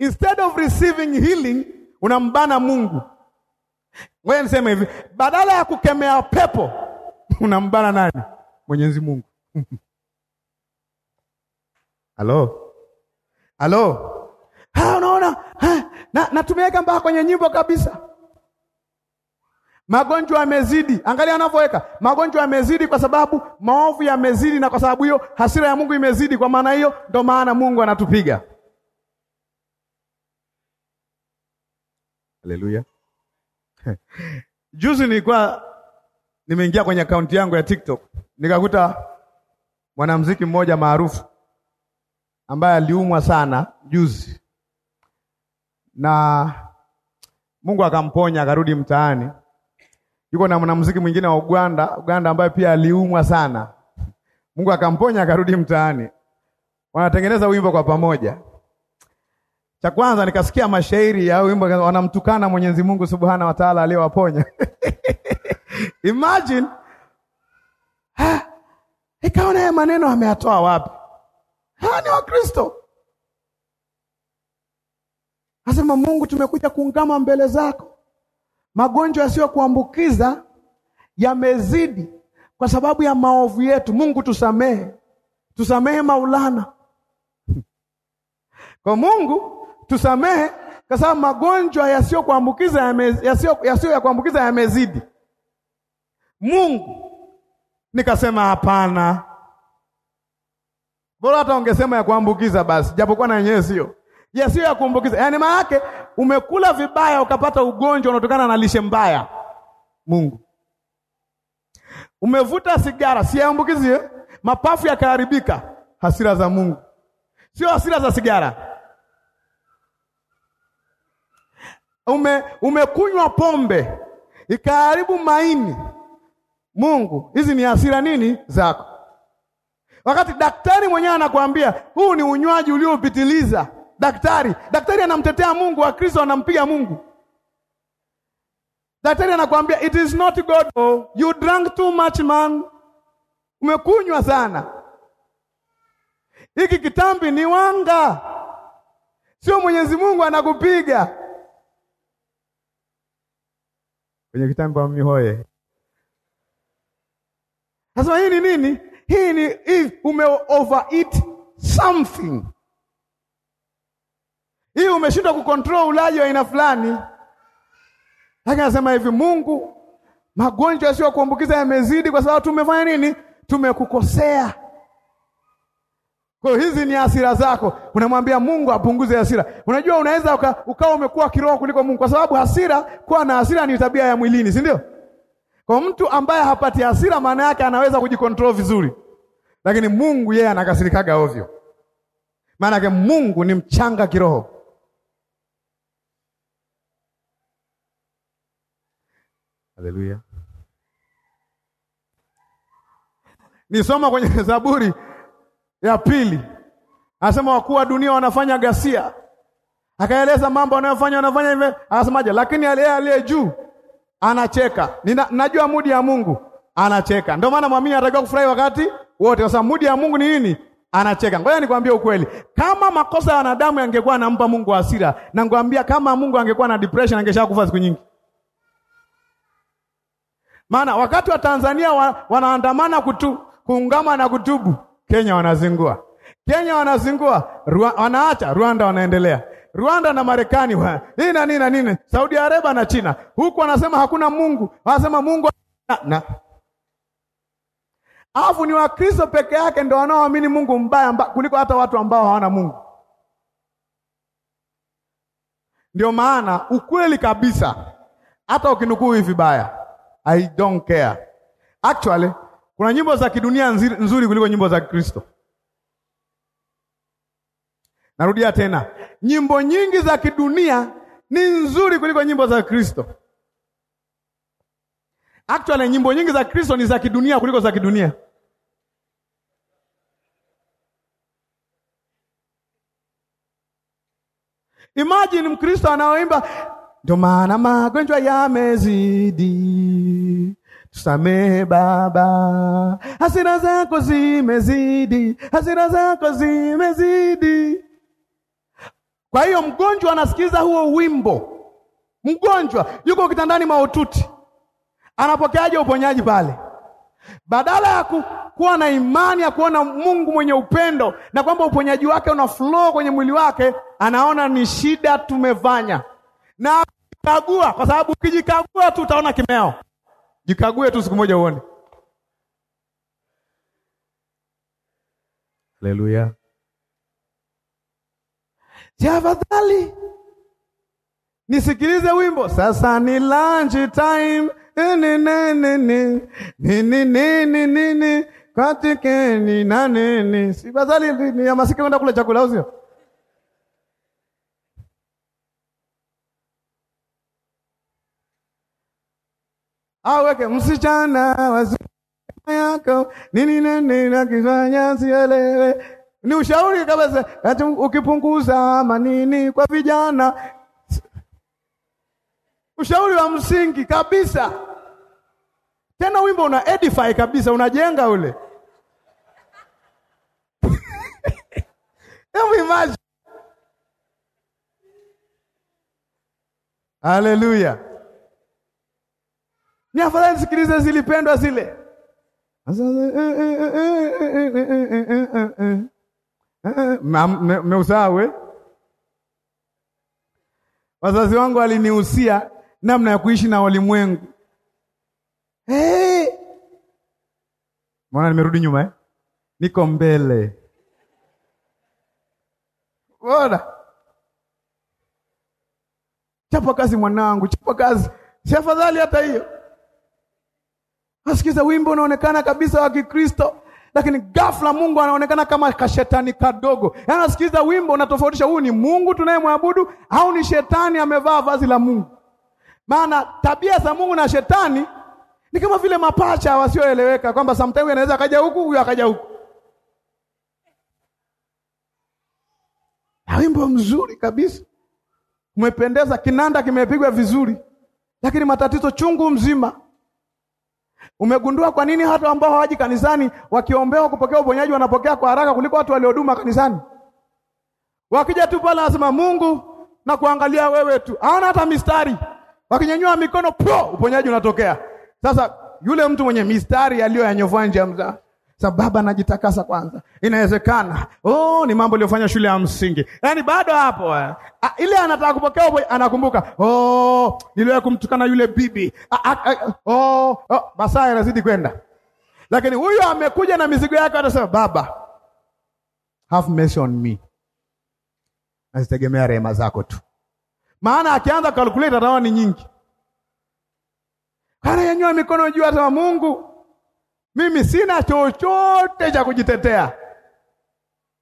Instead of receiving healing unambana Mungu. Ngoja niseme hivi, badala ya kukemea pepo unambana nani? Mwenyezi Mungu. Halo, halo, unaona na, natumeweka mpaka kwenye nyimbo kabisa. Magonjwa yamezidi, angalia anavyoweka magonjwa yamezidi, kwa sababu maovu yamezidi, na kwa sababu hiyo hasira ya Mungu imezidi. Kwa maana hiyo, ndo maana Mungu anatupiga. Haleluya. Juzi nilikuwa nimeingia kwenye akaunti yangu ya TikTok nikakuta mwanamuziki mmoja maarufu ambaye aliumwa sana juzi, na Mungu akamponya akarudi mtaani. Yuko na mwanamuziki mwingine wa Uganda, Uganda ambaye pia aliumwa sana, Mungu akamponya akarudi mtaani. Wanatengeneza wimbo kwa pamoja cha kwanza nikasikia mashairi ya wimbo wanamtukana Mwenyezi Mungu Subhana wa Taala aliyowaponya. Imagine ikaona haya maneno ameyatoa wapi? Hawa ni Wakristo. Asema Mungu, tumekuja kuungama mbele zako. Magonjwa yasiyokuambukiza yamezidi kwa sababu ya maovu yetu. Mungu tusamehe, tusamehe Maulana. Kwa Mungu tusamehe kwa sababu magonjwa yasiyokuambukiza yasiyo yasiyo ya kuambukiza yamezidi. Mungu nikasema hapana, bora hata ungesema ya kuambukiza basi, japokuwa na yenyewe sio yasiyo ya kuambukiza. Yaani maana yake umekula vibaya ukapata ugonjwa unaotokana na lishe mbaya. Mungu umevuta sigara, si yaambukizi, eh? mapafu yakaharibika. Hasira za Mungu sio hasira za sigara ume, umekunywa pombe ikaharibu maini. Mungu, hizi ni hasira nini zako? Wakati daktari mwenyewe anakuambia huu ni unywaji uliopitiliza. Daktari daktari anamtetea Mungu, wa Kristo anampiga Mungu. Daktari anakuambia it is not God, oh, you drank too much man, umekunywa sana. Hiki kitambi ni wanga, sio Mwenyezi Mungu anakupiga kwenye kitango mihoye. Sasa hii ni nini? Hii ni if ume overeat something, hii umeshindwa kucontrol ulaji wa aina fulani. Lakini anasema hivi, Mungu, magonjwa yasiyokuambukiza yamezidi kwa sababu tumefanya nini? Tumekukosea. Kwa hizi ni hasira zako, unamwambia Mungu apunguze hasira. Unajua unaweza ukawa uka umekuwa kiroho kuliko Mungu, kwa sababu hasira, kuwa na hasira ni tabia ya mwilini, si ndio? Kwa mtu ambaye hapati hasira, maana yake anaweza kujikontrol vizuri, lakini Mungu yeye anakasirikaga ovyo, maana yake Mungu ni mchanga kiroho. Haleluya, nisoma kwenye Zaburi ya pili, anasema wakuu wa dunia wanafanya ghasia, akaeleza mambo wanayofanya, wanafanya hivyo. Anasemaje? Lakini aliye aliye juu anacheka. Nina, najua mudi ya Mungu anacheka. Ndio maana mwamini anatakiwa kufurahi wakati wote, kwa sababu mudi ya Mungu ni nini? Anacheka. Ngoja nikwambie ukweli, kama makosa ya wanadamu yangekuwa anampa Mungu hasira, na ngwambia kama Mungu angekuwa na depression angeshakufa siku nyingi. Maana wakati wa Tanzania wa, wanaandamana kutu, kuungama na kutubu Kenya wanazingua, Kenya wanazingua, Rua, wanaacha Rwanda wanaendelea, Rwanda na Marekani wa hii na nini na nini, Saudi Arabia na China, huku wanasema hakuna Mungu, wanasema Mungu na alafu ni Wakristo peke yake ndio wanaoamini Mungu mbaya mba, kuliko hata watu ambao hawana Mungu. Ndio maana ukweli kabisa, hata ukinukuu hivi vibaya, I don't care actually kuna nyimbo za kidunia nzuri kuliko nyimbo za Kikristo. Narudia tena, nyimbo nyingi za kidunia ni nzuri kuliko nyimbo za Kristo. Actually, nyimbo nyingi za Kristo ni za kidunia kuliko za kidunia. Imagine Mkristo anaoimba, ndio maana magonjwa yamezidi samehe Baba, hasira zako zimezidi, hasira zako zimezidi. Kwa hiyo mgonjwa anasikiza huo wimbo, mgonjwa yuko kitandani maututi, anapokeaje uponyaji pale? Badala ya kuwa na imani ya kuona Mungu mwenye upendo na kwamba uponyaji wake una flow kwenye mwili wake, anaona ni shida tumefanya na kagua, kwa sababu ukijikagua tu utaona kimeo Jikague tu siku moja uone. Haleluya. Tafadhali nisikilize wimbo sasa, ni lunch time katikeni na nini, sifadhali nihamasike kwenda kula chakula, au sio? au ah, weke msichana wazima yako nini nini nakifanya sielewe. Ni ushauri kabisa, kati ukipunguza manini kwa vijana, ushauri wa msingi kabisa. Tena wimbo una edify kabisa, unajenga ule. Hebu imagine. Hallelujah. Ni afadhali nisikilize zilipendwa zile. Mmeusawe, wazazi wangu walinihusia namna ya kuishi na walimwengu. Hey! Mwana nimerudi nyuma eh? Niko mbele bora. Chapa kazi mwanangu, chapa kazi, si afadhali hata hiyo Nasikiza wimbo unaonekana kabisa wa Kikristo, lakini ghafla Mungu anaonekana kama kashetani kadogo. Yaani nasikiza wimbo unatofautisha huyu ni Mungu tunayemwabudu au ni shetani amevaa vazi la Mungu. Maana tabia za Mungu na shetani ni kama vile mapacha wasioeleweka kwamba sometimes anaweza akaja huku, huyu akaja huku. Na wimbo mzuri kabisa umependeza, kinanda kimepigwa vizuri, lakini matatizo chungu mzima Umegundua kwa nini hata ambao hawaji kanisani wakiombewa kupokea uponyaji wanapokea kwa haraka kuliko watu walioduma kanisani? Wakija tu pale anasema Mungu na kuangalia wewe tu, haona hata mistari. Wakinyanyua mikono pro, uponyaji unatokea. Sasa yule mtu mwenye mistari aliyoyanyovoa nje ya mzaa sababu baba anajitakasa kwanza, inawezekana. Oh, ni mambo aliyofanya shule ya msingi, yaani bado hapo eh. Ile anataka kupokea, anakumbuka oh, niliwahi kumtukana yule bibi ah, ah, a, oh, oh, masaa yanazidi kwenda, lakini huyo amekuja na mizigo yake, anasema baba, have mercy on me, nazitegemea rehema zako tu, maana akianza kalkuleta ataona ni nyingi, kana yanyua mikono juu, asema Mungu mimi sina chochote cha kujitetea,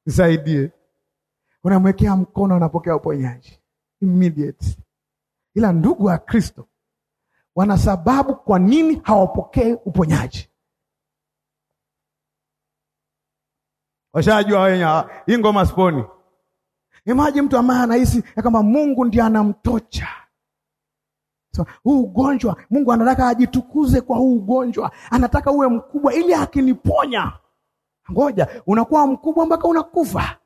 nisaidie. Unamwekea mkono, anapokea uponyaji immediate. Ila ndugu wa Kristo wana sababu kwa nini hawapokee uponyaji. Washajua wenye hii ngoma sponi. Imaji mtu ambaye anahisi ya kwamba Mungu ndiye anamtocha huu ugonjwa, Mungu anataka ajitukuze kwa huu ugonjwa, anataka uwe mkubwa ili akiniponya. Ngoja, unakuwa mkubwa mpaka unakufa.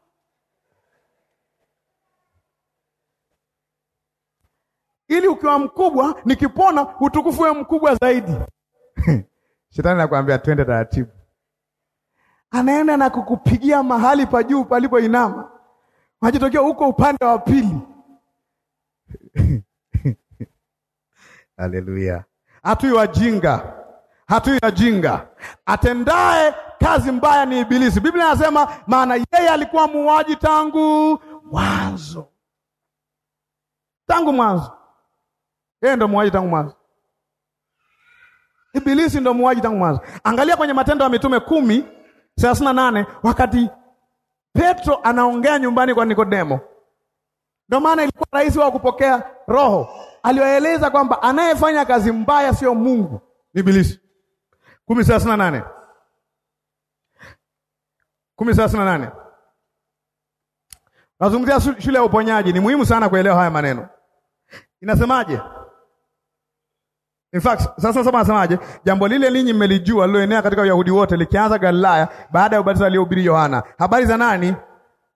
Ili ukiwa mkubwa nikipona, utukufu uwe mkubwa zaidi. Shetani anakuambia twende taratibu, anaenda na kukupigia mahali pa juu palipoinama, unajitokea huko upande wa pili Haleluya! Hatui wajinga, hatui wajinga. Atendaye kazi mbaya ni Ibilisi. Biblia inasema, maana yeye alikuwa muuaji tangu mwanzo, tangu mwanzo. Yeye ndo muuaji tangu mwanzo, Ibilisi ndo muuaji tangu mwanzo. Angalia kwenye Matendo ya Mitume kumi thelathini na nane wakati Petro anaongea nyumbani kwa Nikodemo. Ndio maana ilikuwa rahisi wao kupokea roho aliwaeleza kwamba anayefanya kazi mbaya sio Mungu, ni Ibilisi. kumi thelathini na nane kumi thelathini na nane Nazungumzia shule ya uponyaji. Ni muhimu sana kuelewa haya maneno, inasemaje? In fact, sasa sasa anasemaje? Jambo lile ninyi mmelijua liloenea katika Wayahudi wote likianza Galilaya baada ya ubatizo aliohubiri Yohana. Habari za nani?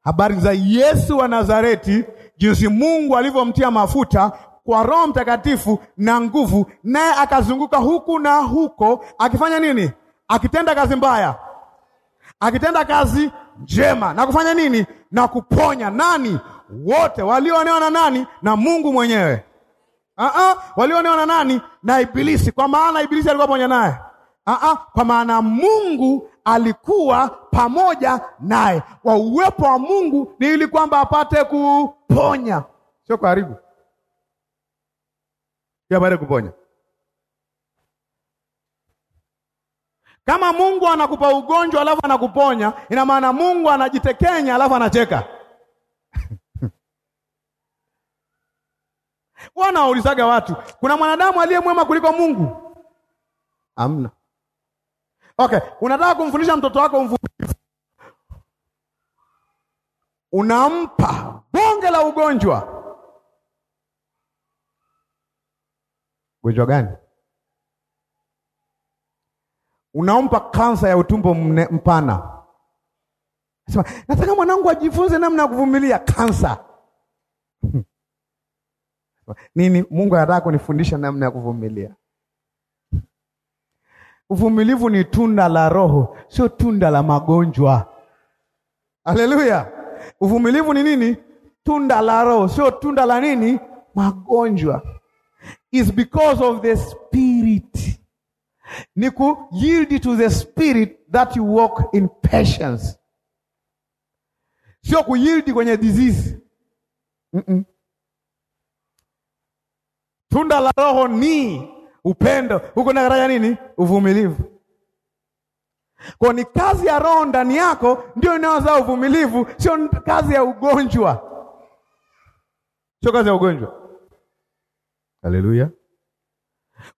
Habari za Yesu wa Nazareti, jinsi Mungu alivyomtia mafuta kwa Roho Mtakatifu na nguvu, naye akazunguka huku na huko akifanya nini? Akitenda kazi mbaya, akitenda kazi njema, na kufanya nini? Na kuponya nani? Wote walioonewa na nani? Na Mungu mwenyewe. Uh -uh. Walionewa na nani? Na Ibilisi, kwa maana Ibilisi alikuwa pamoja naye. Uh -uh. Kwa maana Mungu alikuwa pamoja naye. Kwa uwepo wa Mungu ni ili kwamba apate kuponya, sio kuharibu hiyo baada ya kuponya. Kama Mungu anakupa ugonjwa alafu anakuponya, ina maana Mungu anajitekenya alafu anacheka. waulizaga watu, kuna mwanadamu aliye mwema kuliko Mungu? Amna. Okay, unataka kumfundisha mtoto wako mvumilivu, unampa bonge la ugonjwa Ugonjwa gani? Unaompa kansa ya utumbo mpana, sema nataka mwanangu ajifunze namna ya kuvumilia kansa. Nini Mungu anataka kunifundisha namna ya kuvumilia? Uvumilivu ni tunda la Roho, sio tunda la magonjwa. Haleluya! Uvumilivu ni nini? Tunda la Roho, sio tunda la nini? Magonjwa is because of the spirit ni yield to the spirit that you walk in patience, sio kuyildi kwenye disease. mm -mm. Tunda la Roho ni upendo, huko nakataja nini? Uvumilivu. Kwa ni kazi ya Roho ndani yako ndio inayozaa uvumilivu, sio kazi ya ugonjwa, sio kazi ya ugonjwa. Haleluya.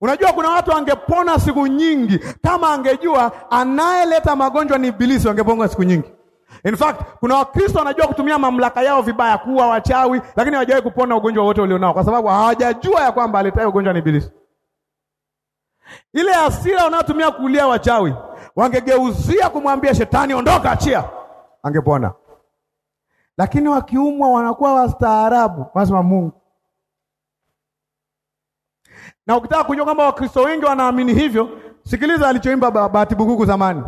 Unajua kuna watu angepona siku nyingi kama angejua anayeleta magonjwa ni Ibilisi, wangepona siku nyingi. In fact, kuna Wakristo wanajua kutumia mamlaka yao vibaya kuwa wachawi, lakini hawajawahi kupona ugonjwa wote ulionao kwa sababu hawajajua ya kwamba aletaye ugonjwa ni Ibilisi. Ile hasira wanayotumia kulia wachawi, wangegeuzia kumwambia shetani, ondoka, achia, angepona. Lakini wakiumwa wanakuwa wastaarabu, wanasema Mungu na ukitaka kujua kwamba Wakristo wengi wanaamini hivyo, sikiliza alichoimba Bahati Bukuku zamani.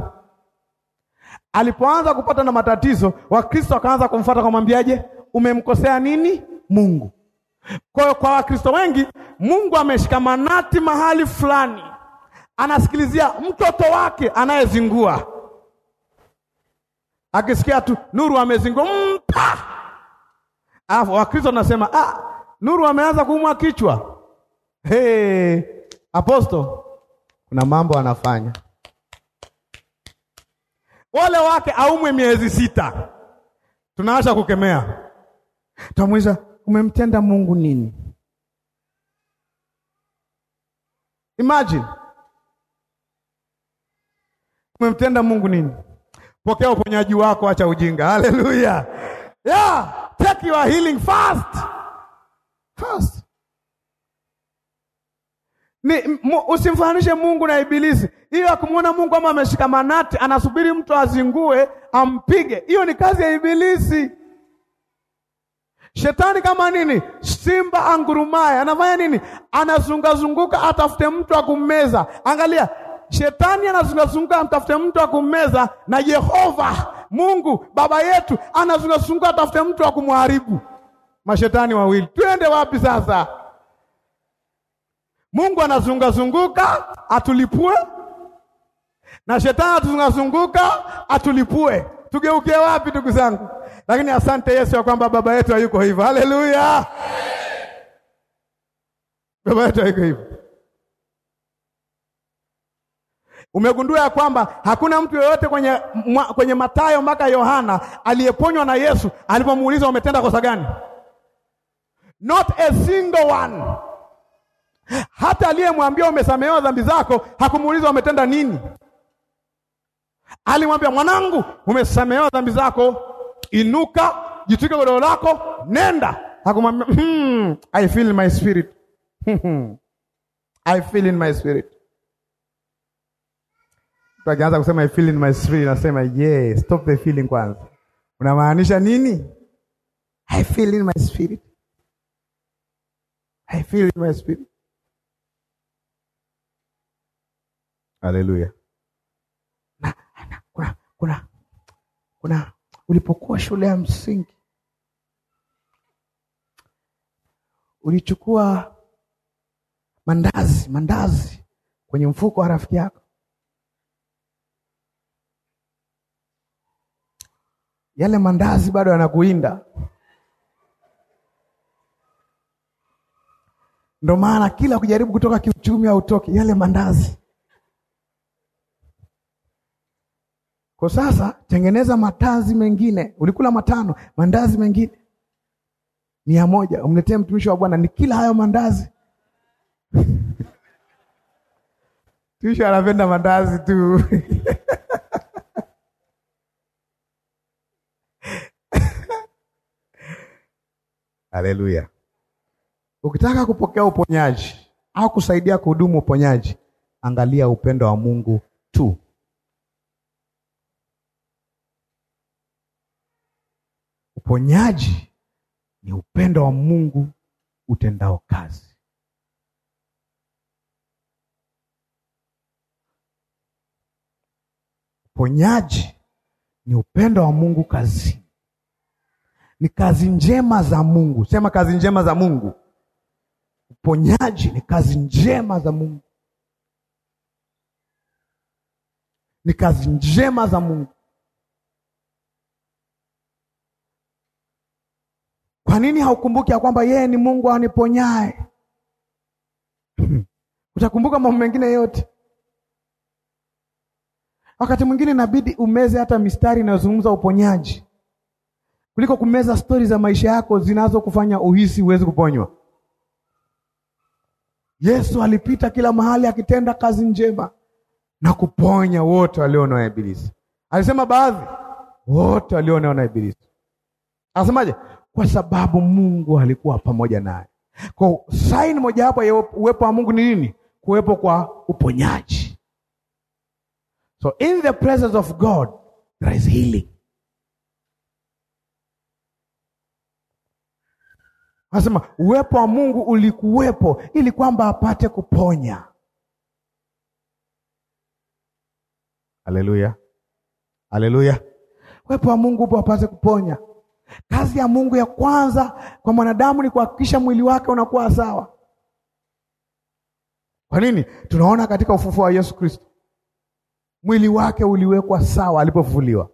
Alipoanza kupata na matatizo, Wakristo wakaanza kumfuata kumwambiaje, umemkosea nini Mungu? Kwa hiyo kwa Wakristo wengi Mungu ameshikamanati mahali fulani, anasikilizia mtoto wake anayezingua, akisikia tu Nuru amezingua mpa, alafu Wakristo anasema ah, Nuru ameanza kuumwa kichwa Hey, aposto, kuna mambo anafanya wale wake aumwe miezi sita, tunaacha kukemea, tutamuuliza umemtenda Mungu nini? Imagine umemtenda Mungu nini? Pokea uponyaji wako, acha ujinga. Haleluya! Yeah, take your healing fast fast ni usimfananishe Mungu na Ibilisi. Hiyo ya kumwona Mungu ama ameshika manati, anasubiri mtu azingue ampige, hiyo ni kazi ya Ibilisi. Shetani kama nini? Simba angurumaye anafanya nini? Anazungazunguka atafute mtu akummeza. Angalia, shetani anazungazunguka amtafute mtu akummeza, na Yehova Mungu baba yetu anazungazunguka atafute mtu akumharibu. Mashetani wawili, twende wapi sasa? Mungu anazungazunguka atulipue na shetani atuzungazunguka atulipue. Tugeuke wapi ndugu zangu? Lakini asante Yesu ya kwamba baba yetu hayuko hivyo. Haleluya, baba yetu hayuko hivyo. Umegundua ya kwamba hakuna mtu yoyote kwenye, kwenye Mathayo mpaka Yohana aliyeponywa na Yesu alipomuuliza umetenda kosa gani? Not a single one. Hata aliyemwambia umesamehewa dhambi zako hakumuuliza umetenda nini. Alimwambia mwanangu, umesamehewa dhambi zako, inuka, jitwike godoro lako, nenda. Hakumwambia hmm, I feel in my spirit I feel in my spirit. Tukianza kusema I feel in my spirit, nasema yeah, stop the feeling kwanza. Unamaanisha nini? I feel in my spirit. I feel in my spirit. Haleluya. Na, na, kuna, kuna, kuna ulipokuwa shule ya msingi ulichukua mandazi mandazi kwenye mfuko wa rafiki yako, yale mandazi bado yanakuinda. Ndo maana kila kujaribu kutoka kiuchumi hautoki, yale mandazi Kwa sasa tengeneza matazi mengine, ulikula matano, mandazi mengine mia moja umletee mtumishi wa Bwana, ni kila hayo mandazi mtumishi anapenda mandazi tu Haleluya! Ukitaka kupokea uponyaji au kusaidia kuhudumu uponyaji, angalia upendo wa Mungu tu. Uponyaji ni upendo wa Mungu utendao kazi. Uponyaji ni upendo wa Mungu kazini, ni kazi njema za Mungu. Sema kazi njema za Mungu. Uponyaji ni kazi njema za Mungu, ni kazi njema za Mungu. Kwa nini haukumbuki ya kwamba yeye ni Mungu aniponyaye? Utakumbuka mambo mengine yote. Wakati mwingine inabidi umeze hata mistari inayozungumza uponyaji kuliko kumeza stori za maisha yako zinazokufanya uhisi huwezi kuponywa. Yesu alipita kila mahali akitenda kazi njema na kuponya wote na Ibilisi. Alisema baadhi, wote walionewa na Ibilisi. Anasemaje? kwa sababu Mungu alikuwa pamoja naye. Kwa saini mojawapo ya uwepo wa Mungu ni nini? Kuwepo kwa uponyaji. So in the presence of God there is healing. Anasema uwepo wa Mungu ulikuwepo ili kwamba apate kuponya. Haleluya, haleluya! Uwepo wa Mungu upo apate kuponya. Kazi ya Mungu ya kwanza kwa mwanadamu ni kuhakikisha mwili wake unakuwa sawa. Kwa nini? Tunaona katika ufufuo wa Yesu Kristo mwili wake uliwekwa sawa alipofufuliwa.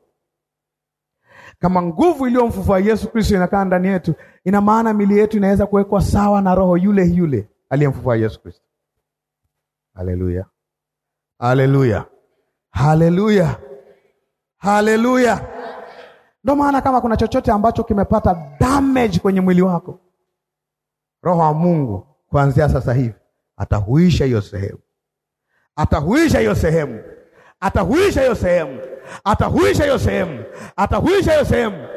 Kama nguvu iliyomfufua Yesu Kristo inakaa ndani yetu, ina maana mili yetu inaweza kuwekwa sawa na roho yule yule aliyemfufua Yesu Kristo. Haleluya, haleluya, haleluya, haleluya! Ndio maana kama kuna chochote ambacho kimepata damage kwenye mwili wako, Roho wa Mungu kuanzia sasa hivi atahuisha hiyo sehemu, atahuisha hiyo sehemu, atahuisha hiyo sehemu, atahuisha hiyo sehemu, atahuisha hiyo sehemu.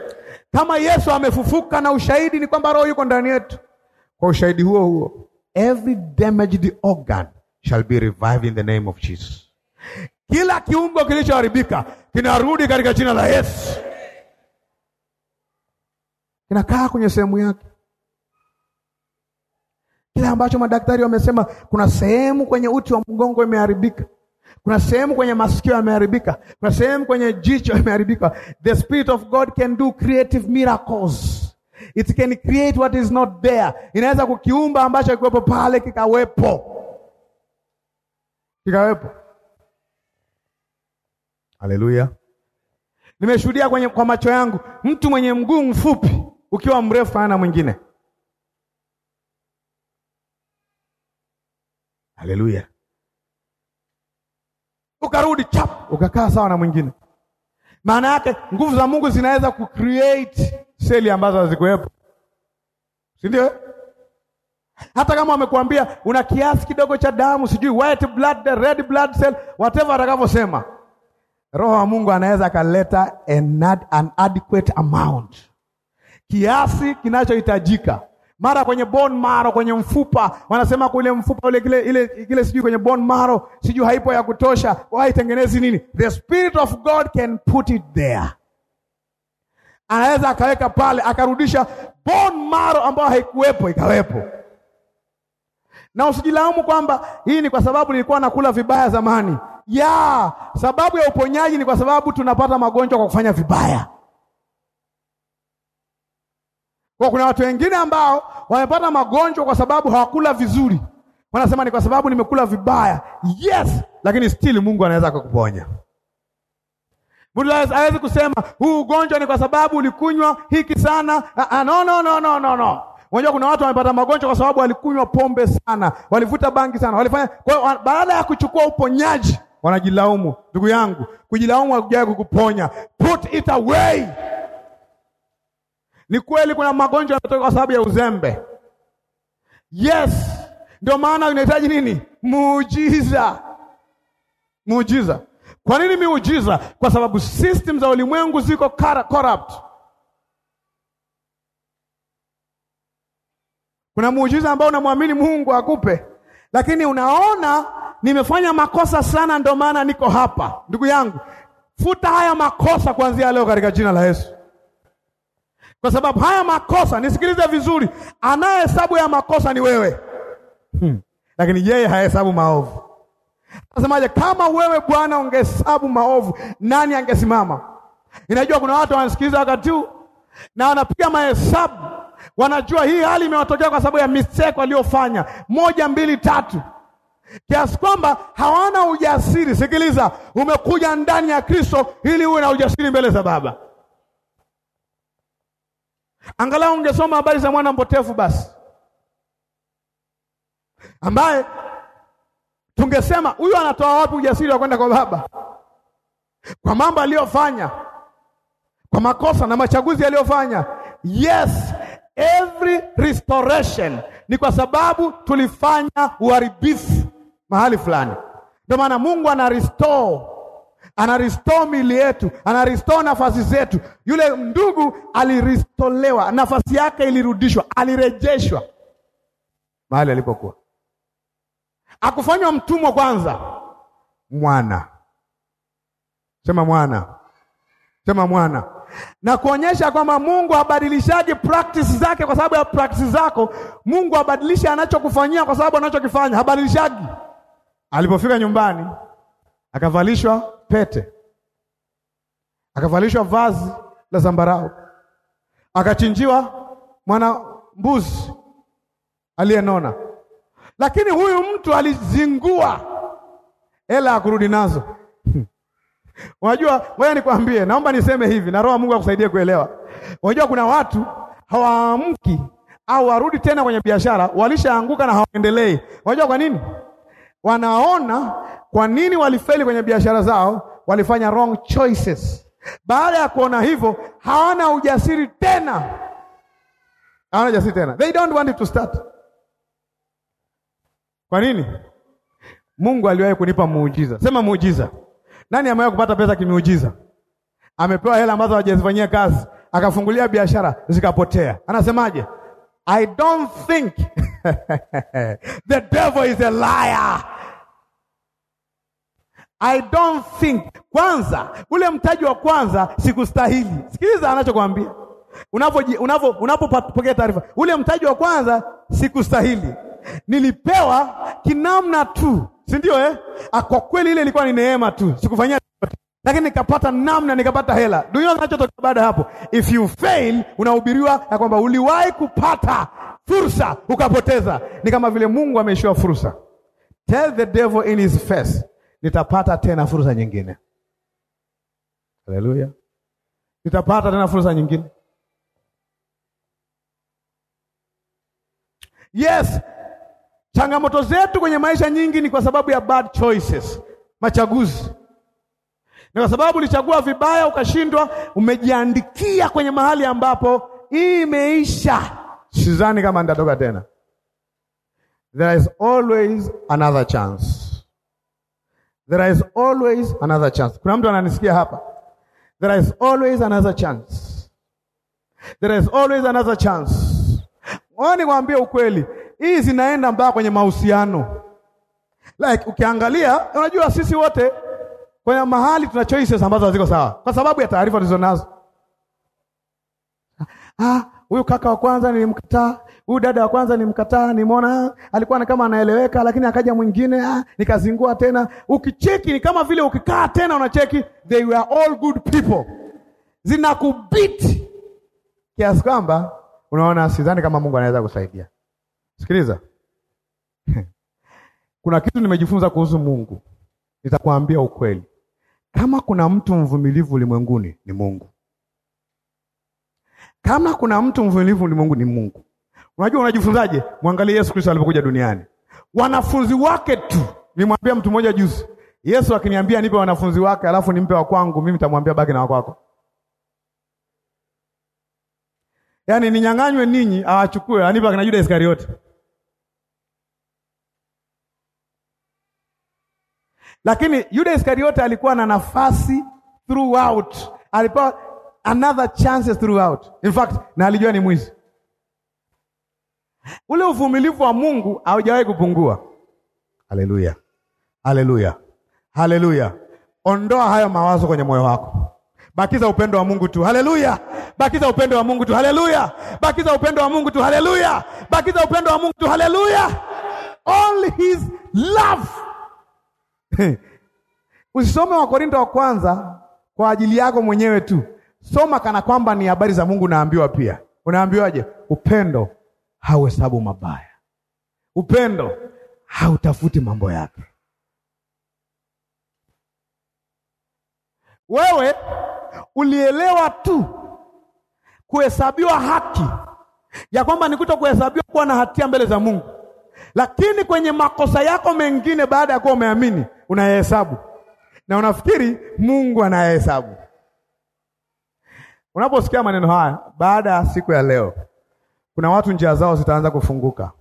Kama Yesu amefufuka na ushahidi ni kwamba Roho yuko ndani yetu, kwa ushahidi huo huo, every damaged organ shall be revived in the name of Jesus. Kila kiungo kilichoharibika kinarudi katika jina la Yesu inakaa kwenye sehemu yake. Kile ambacho madaktari wamesema, kuna sehemu kwenye uti wa mgongo imeharibika, kuna sehemu kwenye masikio yameharibika, kuna sehemu kwenye jicho imeharibika. The spirit of God can do creative miracles. It can create what is not there. Inaweza kukiumba ambacho kiwepo pale kikawepo, kikawepo. Haleluya! Nimeshuhudia kwenye kwa macho yangu mtu mwenye mguu mfupi ukiwa mrefu sana mwingine. Haleluya! Ukarudi chap, ukakaa sawa na mwingine. Maana yake nguvu za Mungu zinaweza kucreate seli ambazo hazikuwepo, si ndio? Hata kama wamekuambia una kiasi kidogo cha damu, sijui white blood, red blood cell, whatever atakavyosema, Roho wa Mungu anaweza akaleta an, an adequate amount kiasi kinachohitajika. Mara kwenye bone marrow, kwenye mfupa, wanasema kule mfupa ule kile ile kile sijui kwenye bone marrow, sijui haipo ya kutosha, haitengenezi nini. The spirit of God can put it there. Anaweza akaweka pale, akarudisha bone marrow ambayo haikuwepo ikawepo. Na usijilaumu kwamba hii ni kwa sababu nilikuwa nakula vibaya zamani. Ya, sababu ya uponyaji ni kwa sababu tunapata magonjwa kwa kufanya vibaya. Kwa kuna watu wengine ambao wamepata magonjwa kwa sababu hawakula vizuri, wanasema ni kwa sababu nimekula vibaya. Yes, lakini still Mungu anaweza kukuponya. akakuponya. Hawezi kusema huu ugonjwa ni kwa sababu ulikunywa hiki sana. Ah, ah, no, no, no, no, no, no. Unajua kuna watu wamepata magonjwa kwa sababu walikunywa pombe sana, walivuta bangi sana, walifanya. Kwa hiyo ah, baada ya kuchukua uponyaji wanajilaumu. Ndugu yangu, kujilaumu hakujawahi kukuponya. Put it away. Ni kweli kuna magonjwa yanatoka kwa sababu ya uzembe. Yes, ndio maana unahitaji nini? Muujiza, muujiza. Kwa nini miujiza? Kwa sababu system za ulimwengu ziko corrupt. Kuna muujiza ambao unamwamini Mungu akupe, lakini unaona nimefanya makosa sana, ndio maana niko hapa. Ndugu yangu, futa haya makosa kuanzia leo katika jina la Yesu. Kwa sababu haya makosa, nisikilize vizuri, anayehesabu ya makosa ni wewe hmm. Lakini yeye hahesabu maovu. Nasemaje? Kama wewe Bwana ungehesabu maovu, nani angesimama? Inajua kuna watu wanasikiliza wakati huu na wanapiga mahesabu, wanajua hii hali imewatokea kwa sababu ya mistake waliofanya, moja mbili tatu, kiasi kwamba hawana ujasiri. Sikiliza, umekuja ndani ya Kristo ili uwe na ujasiri mbele za Baba. Angalau ungesoma habari za mwana mpotevu basi, ambaye tungesema huyu anatoa wapi ujasiri wa kwenda kwa baba kwa mambo aliyofanya, kwa makosa na machaguzi aliyofanya. Yes, every restoration ni kwa sababu tulifanya uharibifu mahali fulani, ndio maana Mungu ana restore anaristore mili yetu, anaristore nafasi zetu. Yule ndugu aliristolewa, nafasi yake ilirudishwa, alirejeshwa mahali alipokuwa. Akufanywa mtumwa kwanza, mwana. Sema mwana, sema mwana na kuonyesha kwamba Mungu habadilishaji practice zake kwa sababu ya practice zako. Mungu habadilisha anachokufanyia kwa sababu anachokifanya habadilishaji. Alipofika nyumbani akavalishwa pete, akavalishwa vazi la zambarau, akachinjiwa mwana mbuzi aliyenona. Lakini huyu mtu alizingua hela kurudi nazo. Unajua, ngoja nikwambie, naomba niseme hivi na Roho Mungu akusaidie kuelewa. Unajua, kuna watu hawaamki au warudi tena kwenye biashara, walishaanguka na hawaendelei. Unajua kwa nini? Wanaona kwa nini walifeli kwenye biashara zao? Walifanya wrong choices. Baada ya kuona hivyo, hawana ujasiri tena, hawana ujasiri tena, they don't want it to start. Kwa nini? Mungu aliwahi kunipa muujiza. Sema muujiza. Nani amewahi kupata pesa kimuujiza? Amepewa hela ambazo hajazifanyia kazi, akafungulia biashara zikapotea. Anasemaje? I don't think the devil is a liar. I don't think. Kwanza ule mtaji wa kwanza sikustahili. Sikiliza anachokwambia unapopokea taarifa, ule mtaji wa kwanza sikustahili, nilipewa kinamna tu, si ndio eh? Ah, kwa kweli ile ilikuwa ni neema tu, sikufanyia lakini nikapata namna, nikapata hela. Do you know kinachotokea baada hapo? If you fail, unahubiriwa ya kwamba uliwahi kupata fursa ukapoteza. Ni kama vile Mungu ameishiwa fursa. Tell the devil in his face nitapata tena fursa nyingine. Haleluya, nitapata tena fursa nyingine. Yes, changamoto zetu kwenye maisha nyingi ni kwa sababu ya bad choices, machaguzi na kwa sababu ulichagua vibaya ukashindwa, umejiandikia kwenye mahali ambapo imeisha. Sidhani kama nitatoka tena. There is always another chance. There is always another chance. Kuna mtu ananisikia hapa? There is always another chance. There is always another chance. Oni kwambie ukweli, hii zinaenda mpaka kwenye mahusiano. Like ukiangalia, unajua sisi wote kwenye mahali tuna choices ambazo haziko sawa kwa sababu ya taarifa tulizonazo. Ah, huyu kaka wa kwanza nilimkataa, Huyu dada wa kwanza nimkataa, nimona alikuwa kama anaeleweka, lakini akaja mwingine ah, nikazingua tena. Ukicheki ni kama vile ukikaa tena unacheki, they were all good people, zinakubiti kiasi kwamba unaona, sidhani kama Mungu anaweza kusaidia. Sikiliza, kuna kitu nimejifunza kuhusu Mungu, nitakwambia ukweli. Kama kuna mtu mvumilivu ulimwenguni ni Mungu. Kama kuna mtu mvumilivu ulimwenguni ni Mungu. Unajua unajifunzaje? Mwangalie Yesu Kristo alipokuja duniani, wanafunzi wake tu. Nimwambia mtu mmoja juzi, Yesu akiniambia nipe wanafunzi wake alafu nimpe wa kwangu, mimi nitamwambia baki na wakwako. Yaani ninyang'anywe ninyi awachukue anipe akina Juda Iskarioti. Lakini Juda Iskarioti alikuwa na nafasi throughout, alipewa another chances throughout. In fact, na alijua ni mwizi Ule uvumilivu wa Mungu haujawahi kupungua. Haleluya, haleluya, haleluya! Ondoa hayo mawazo kwenye moyo wako, bakiza upendo wa Mungu tu. Haleluya, bakiza upendo wa Mungu tu. Haleluya, bakiza upendo wa Mungu tu. Haleluya, bakiza upendo wa Mungu tu. Haleluya, all his love Usisome Wakorinto wa kwanza kwa ajili yako mwenyewe tu, soma kana kwamba ni habari za Mungu. Unaambiwa pia, unaambiwaje? Upendo hauhesabu mabaya. Upendo hautafuti mambo yake. Wewe ulielewa tu kuhesabiwa haki ya kwamba ni kuto kuhesabiwa kuwa na hatia mbele za Mungu, lakini kwenye makosa yako mengine, baada ya kuwa umeamini, unayahesabu na unafikiri Mungu anayahesabu. Unaposikia maneno haya baada ya siku ya leo kuna watu njia zao zitaanza kufunguka.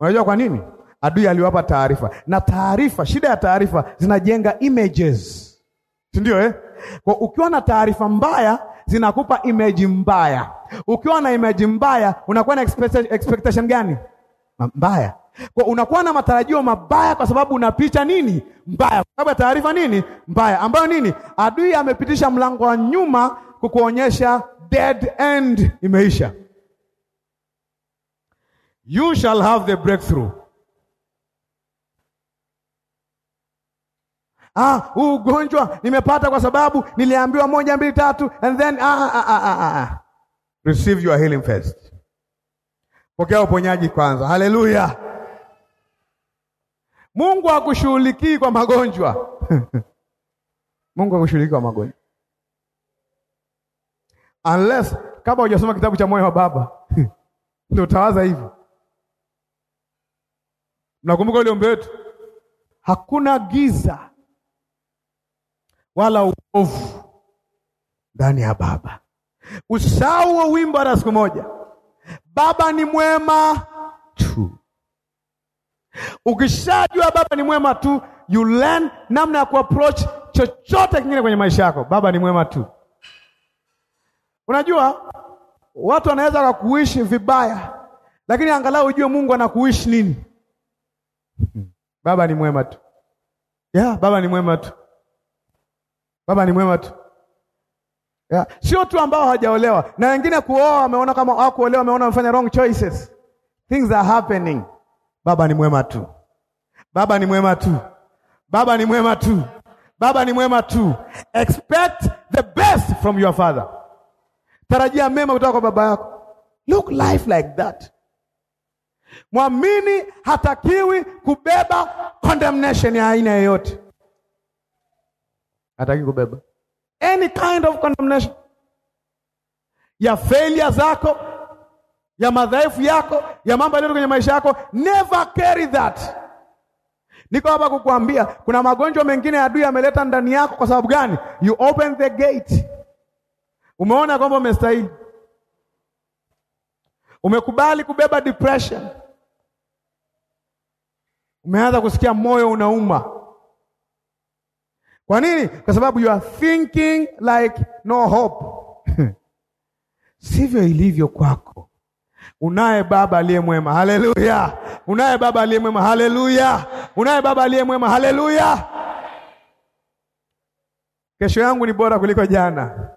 Unajua kwa nini? Adui aliwapa taarifa, na taarifa, shida ya taarifa zinajenga images, si ndio eh? Kwa ukiwa na taarifa mbaya zinakupa image mbaya. Ukiwa na image mbaya unakuwa na expectation gani? Mbaya. Kwa unakuwa na matarajio mabaya, kwa sababu una picha nini mbaya, kwa sababu ya taarifa nini mbaya, ambayo nini adui amepitisha mlango wa nyuma kukuonyesha dead end, imeisha. You shall have the breakthrough. Ah, huu ugonjwa nimepata kwa sababu niliambiwa moja mbili tatu and then ah, ah, ah, ah. ah, ah. Receive your healing first. Pokea uponyaji kwanza. Haleluya. Mungu hakushughulikii kwa magonjwa. Mungu hakushughulikii kwa magonjwa. Unless kama hujasoma kitabu cha moyo wa baba ndio utawaza hivyo. Mnakumbuka ile ombi yetu, hakuna giza wala uovu ndani ya Baba. Usahau wimbo hata siku moja, Baba ni mwema tu. Ukishajua Baba ni mwema tu, you learn namna ya kuapproach chochote kingine kwenye maisha yako. Baba ni mwema tu. Unajua watu wanaweza wakakuishi vibaya, lakini angalau ujue Mungu anakuishi nini. Baba ni mwema tu yeah, Baba ni mwema tu, Baba ni mwema tu yeah. Sio tu ambao hawajaolewa na wengine kuoa wameona kama hawakuolewa, wameona wamefanya wrong choices, things are happening. Baba ni mwema tu, Baba ni mwema tu, Baba ni mwema tu, Baba ni mwema tu. Expect the best from your father. Tarajia mema kutoka kwa baba yako. Look life like that. Mwamini hatakiwi kubeba condemnation ya aina yoyote, hataki kubeba any kind of condemnation ya failure zako, ya madhaifu yako, ya mambo yaliyo kwenye maisha yako. Never carry that. Niko hapa kukuambia kuna magonjwa mengine adui ameleta ndani yako. Kwa sababu gani? You open the gate, umeona kwamba umestahili Umekubali kubeba depression. Umeanza kusikia moyo unauma. Kwa nini? Kwa sababu you are thinking like no hope. Sivyo ilivyo kwako. Unaye baba aliye mwema. Haleluya. Unaye baba aliye mwema. Haleluya. Unaye baba aliye mwema. Haleluya. Kesho yangu ni bora kuliko jana.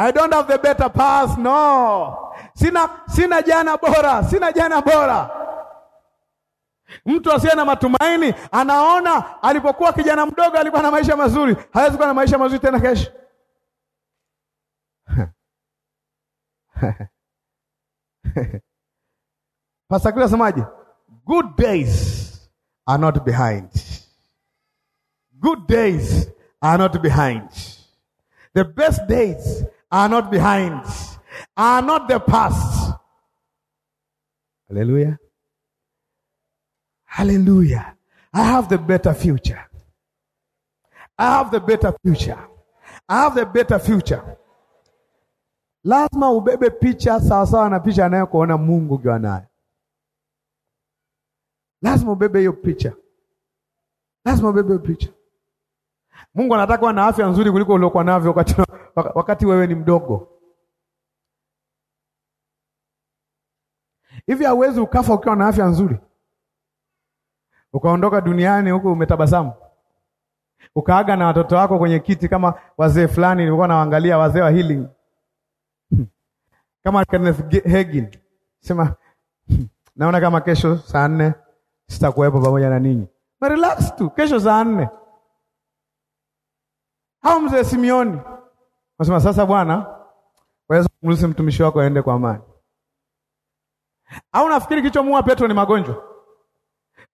I don't have the better path, no. Sina, sina jana bora, sina jana bora. Mtu asiye na matumaini anaona alipokuwa kijana mdogo alikuwa na maisha mazuri, hawezi kuwa na maisha mazuri tena kesho. Pastor Kila semaje? Good days are not behind. Good days are not behind. The best days are not behind, are not the past. Hallelujah. Hallelujah. I have the better future. I have the better future. I have the better future. Lazima ubebe picha sawasawa na picha anayokuona Mungu ukiwa nayo. Lazima ubebe hiyo picha, lazima ubebe hiyo picha. Mungu anataka na afya nzuri kuliko uliokuwa navyo wakati wakati wewe ni mdogo. Hivi hauwezi ukafa ukiwa na afya nzuri, ukaondoka duniani huku umetabasamu, ukaaga na watoto wako kwenye kiti kama wazee fulani. Nilikuwa nawaangalia wazee wa healing hmm. kama Kenneth Hagin, sema hmm, naona kama kesho saa nne sitakuwepo pamoja na ninyi, relax tu, kesho saa nne. Hao mzee Simioni Nasema sasa, Bwana waweza kumruhusu mtumishi wako aende kwa amani? Au nafikiri kilichomuua Petro ni magonjwa?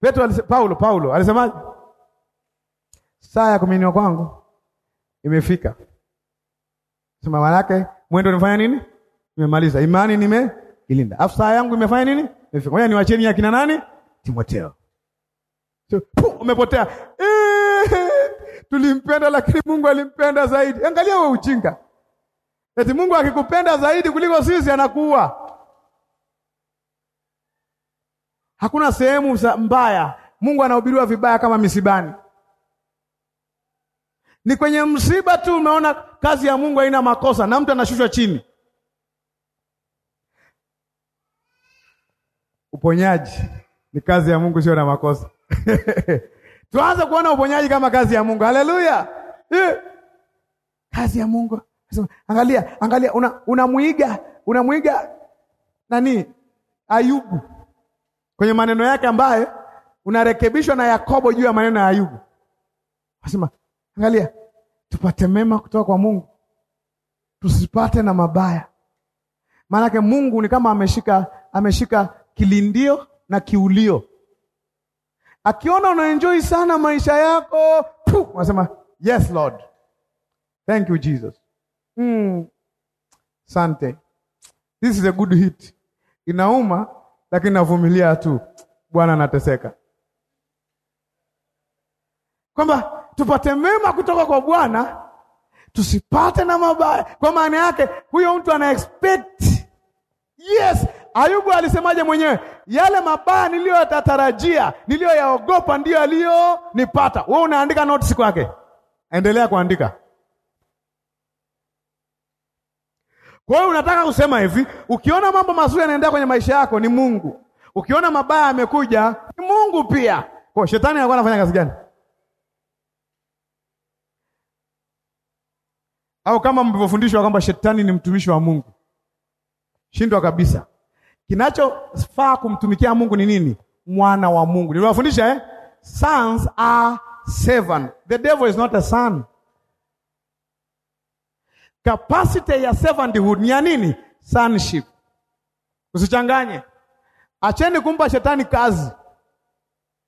Petro alise, Paulo Paulo alisemaje? Saa ya kuminiwa kwangu imefika. Sema maana mwendo nifanya nini? Nimemaliza. Imani ilinda. Afu saa yangu imefanya nini? Imefika. Ngoja niwacheni akina nani? Timotheo. So, umepotea tulimpenda, lakini Mungu alimpenda zaidi. Angalia wewe ujinga, eti Mungu akikupenda zaidi kuliko sisi anakuua. Hakuna sehemu mbaya Mungu anahubiriwa vibaya kama misibani. Ni kwenye msiba tu umeona kazi ya Mungu haina makosa na mtu anashushwa chini. Uponyaji ni kazi ya Mungu sio na makosa tuanze kuona uponyaji kama kazi ya Mungu. Haleluya, eh. kazi ya Mungu. Angalia, angalia, unamwiga una unamwiga nani? Ayubu kwenye maneno yake ambayo unarekebishwa na Yakobo juu ya maneno ya Ayubu. Anasema, angalia, tupate mema kutoka kwa Mungu, tusipate na mabaya. Maanake Mungu ni kama ameshika ameshika kilindio na kiulio Akiona unaenjoy sana maisha yako unasema yes Lord, thank you Jesus. Mm. Sante, this is a good hit. Inauma lakini navumilia tu, Bwana anateseka kwamba tupate mema kutoka kwa Bwana tusipate na mabaya. Kwa maana yake huyo mtu ana expect yes, Ayubu alisemaje mwenyewe? Yale mabaya niliyotatarajia, niliyoyaogopa ndiyo yaliyonipata. Wewe unaandika notes kwake, endelea kuandika. Kwa hiyo unataka kusema hivi, ukiona mambo mazuri yanaendelea kwenye maisha yako ni Mungu, ukiona mabaya yamekuja ni Mungu pia. Kwa hiyo shetani anakuwa anafanya kazi gani? Au kama mlivyofundishwa kwamba shetani ni mtumishi wa Mungu, shindwa kabisa. Kinachofaa kumtumikia Mungu ni nini? Mwana wa Mungu. Niliwafundisha eh? Sons are seven. The devil is not a son. Capacity ya servanthood ni ya nini? Sonship. Usichanganye. Acheni kumpa shetani kazi.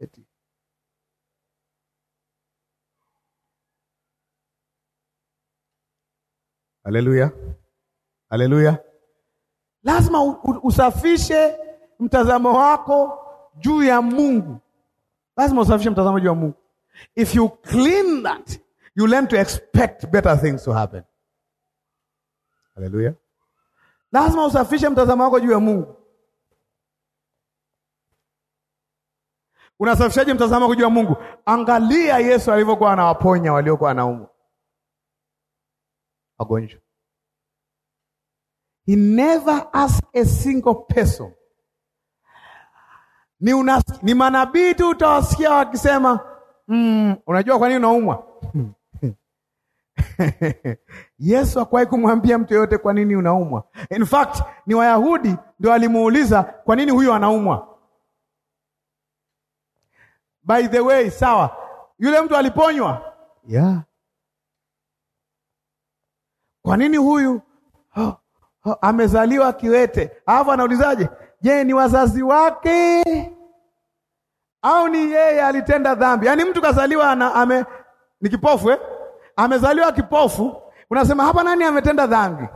Eti. Haleluya. Haleluya. Lazima usafishe mtazamo wako juu ya Mungu. Lazima usafishe mtazamo juu ya Mungu. If you clean that, you learn to expect better things to happen. Haleluya. Lazima usafishe mtazamo wako juu ya Mungu. Unasafishaje mtazamo wako juu ya Mungu? Angalia Yesu alivyokuwa anawaponya waliokuwa wanaumwa wagonjwa. He never asked a single person. Ni, unas, ni manabii tu utawasikia wakisema mm, unajua kwa nini unaumwa? Yesu hakuwahi kumwambia mtu yoyote kwa nini unaumwa. In fact, ni Wayahudi ndio alimuuliza kwa nini huyo anaumwa. By the way, sawa. Yule mtu aliponywa? Yeah. Kwa nini huyu? Oh. Oh, amezaliwa kiwete, alafu anaulizaje? Je, ni wazazi wake au ni yeye alitenda dhambi? Yaani mtu kazaliwa na, ame, ni kipofu eh? Amezaliwa kipofu, unasema hapa nani ametenda dhambi?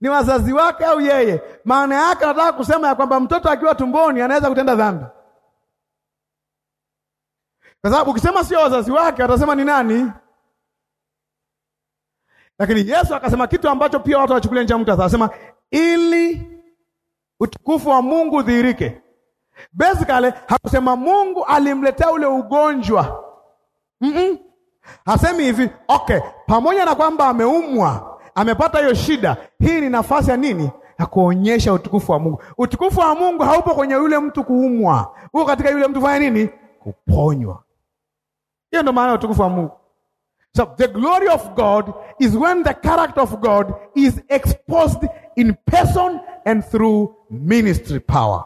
Ni wazazi wake au yeye? Maana yake anataka kusema ya kwamba mtoto akiwa tumboni anaweza kutenda dhambi, kwa sababu ukisema sio wazazi wake watasema ni nani? Lakini Yesu akasema kitu ambacho pia watu wachukulia nje mtu asema, ili utukufu wa Mungu udhihirike. Basically hakusema Mungu alimletea ule ugonjwa mm -mm. Hasemi hivi okay, pamoja na kwamba ameumwa, amepata hiyo shida, hii ni nafasi ya nini? Ya kuonyesha utukufu wa Mungu. Utukufu wa Mungu haupo kwenye yule mtu kuumwa, huko katika yule mtu fanya nini? Kuponywa. Hiyo ndio maana ya utukufu wa Mungu. So the glory of God is when the character of God is exposed in person and through ministry power.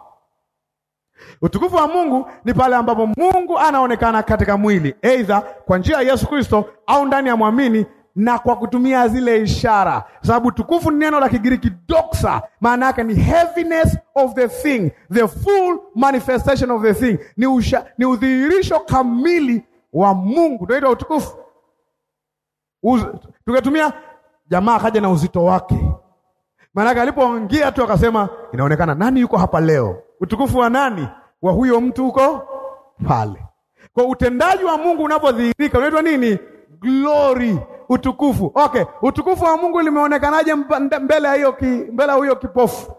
Utukufu wa Mungu ni pale ambapo Mungu anaonekana katika mwili, aidha kwa njia ya Yesu Kristo au ndani ya mwamini na kwa kutumia zile ishara, sababu tukufu ni neno la Kigiriki doxa, maana yake ni heaviness of the thing, the full manifestation of the thing, ni, ni udhihirisho kamili wa Mungu, ndio utukufu tukatumia jamaa akaja na uzito wake. Maanake alipoingia tu akasema, inaonekana nani yuko hapa leo? Utukufu wa nani? Wa huyo mtu huko pale. Kwa utendaji wa Mungu unapodhihirika unaitwa nini? Glory, utukufu. Okay, utukufu wa Mungu limeonekanaje mbele ya hiyo ki, mbele huyo kipofu?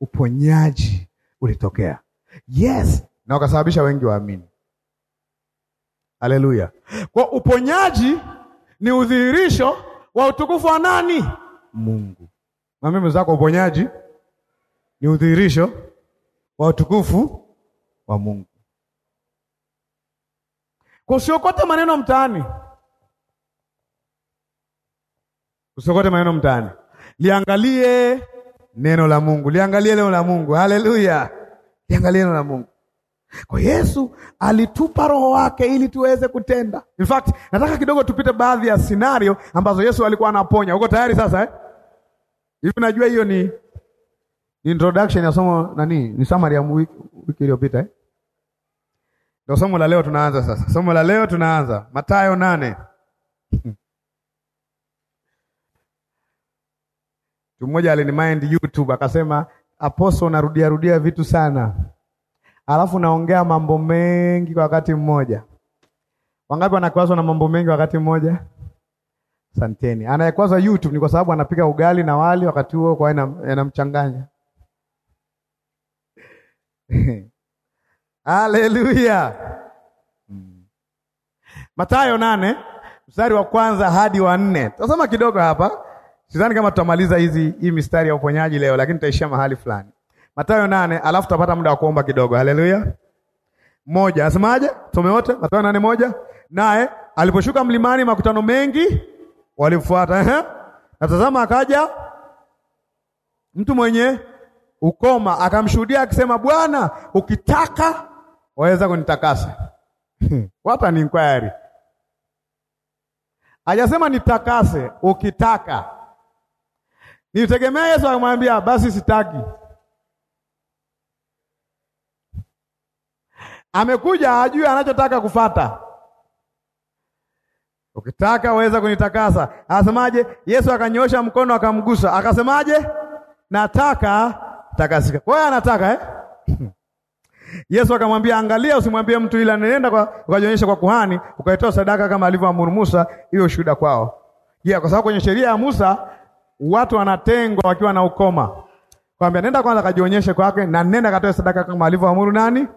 Uponyaji ulitokea, yes, na ukasababisha wengi waamini. Haleluya! Kwa uponyaji ni udhihirisho wa utukufu wa nani? Mungu. Mwambie mwenzako uponyaji ni udhihirisho wa utukufu wa Mungu. Kwa usiokote maneno mtaani, usiokote maneno mtaani, liangalie neno la Mungu, liangalie neno la Mungu. Haleluya, liangalie neno la Mungu. Kwa Yesu alitupa roho wake ili tuweze kutenda. In fact, nataka kidogo tupite baadhi ya scenario ambazo Yesu alikuwa anaponya. Uko tayari sasa eh? Hivi najua hiyo ni introduction ya somo nani? Ni summary ya wiki, wiki iliyopita eh? Ndio somo la leo tunaanza sasa. Somo la leo tunaanza Mathayo nane. Mtu mmoja alinimind YouTube akasema, Apostle, narudia rudia vitu sana alafu naongea mambo mengi kwa wakati mmoja. Wangapi wanakwazwa na mambo mengi wakati mmoja? Santeni. Anayekwaza YouTube ni kwa sababu anapika ugali na wali wakati huo, kwa anamchanganya. Haleluya. Mathayo nane mstari wa kwanza hadi wa nne. Tutasoma kidogo hapa, sidhani kama tutamaliza hizi hii mistari ya uponyaji leo, lakini tutaishia mahali fulani. Mathayo nane, alafu tapata muda wa kuomba kidogo. Haleluya. Moja, asemaje? Tume wote Mathayo nane moja. Naye aliposhuka mlimani, makutano mengi walimfuata. Ehe, natazama akaja mtu mwenye ukoma, akamshuhudia akisema, Bwana, ukitaka waweza kunitakasa. What an inquiry Hajasema nitakase, ukitaka. Nitegemea Yesu akamwambia basi sitaki. amekuja hajui anachotaka kufata. Ukitaka waweza kunitakasa. Anasemaje? Yesu akanyosha mkono akamgusa, akasemaje? Nataka takasika. Kwa hiyo anataka eh? Yesu akamwambia, angalia, usimwambie mtu, ila nenda kwa ukajionyesha kwa kuhani, ukaitoa sadaka kama alivyoamuru Musa, hiyo shuhuda kwao. Yeah, kwa sababu kwenye sheria ya Musa watu wanatengwa wakiwa na ukoma. Kwambia nenda kwanza kajionyeshe kwake, na nenda katoe sadaka kama alivyoamuru nani?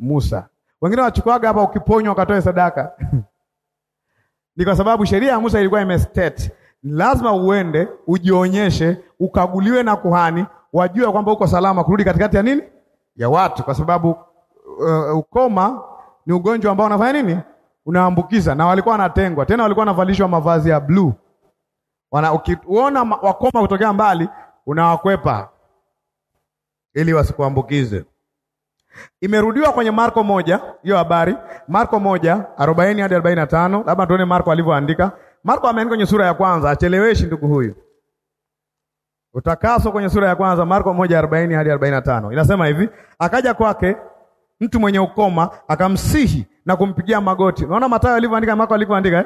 Musa. Wengine wachukuaga hapa ukiponywa ukatoe sadaka ni kwa sababu sheria ya Musa ilikuwa imestate lazima uende ujionyeshe, ukaguliwe na kuhani, wajue kwamba uko salama kurudi katikati ya nini ya watu, kwa sababu uh, ukoma ni ugonjwa ambao unafanya nini, unaambukiza. Na walikuwa wanatengwa, tena walikuwa wanavalishwa mavazi ya bluu. Wana ukiona wakoma kutokea mbali, unawakwepa ili wasikuambukize. Imerudiwa kwenye Marko moja hiyo habari, Marko moja arobaini hadi arobaini na tano labda tuone Marko alivyoandika. Marko ameandika kwenye sura ya kwanza, acheleweshi ndugu huyu. Utakaso kwenye sura ya kwanza, Marko moja arobaini hadi arobaini na tano inasema hivi: akaja kwake mtu mwenye ukoma akamsihi na kumpigia magoti. Unaona Mathayo alivyoandika, Marko alivyoandika eh?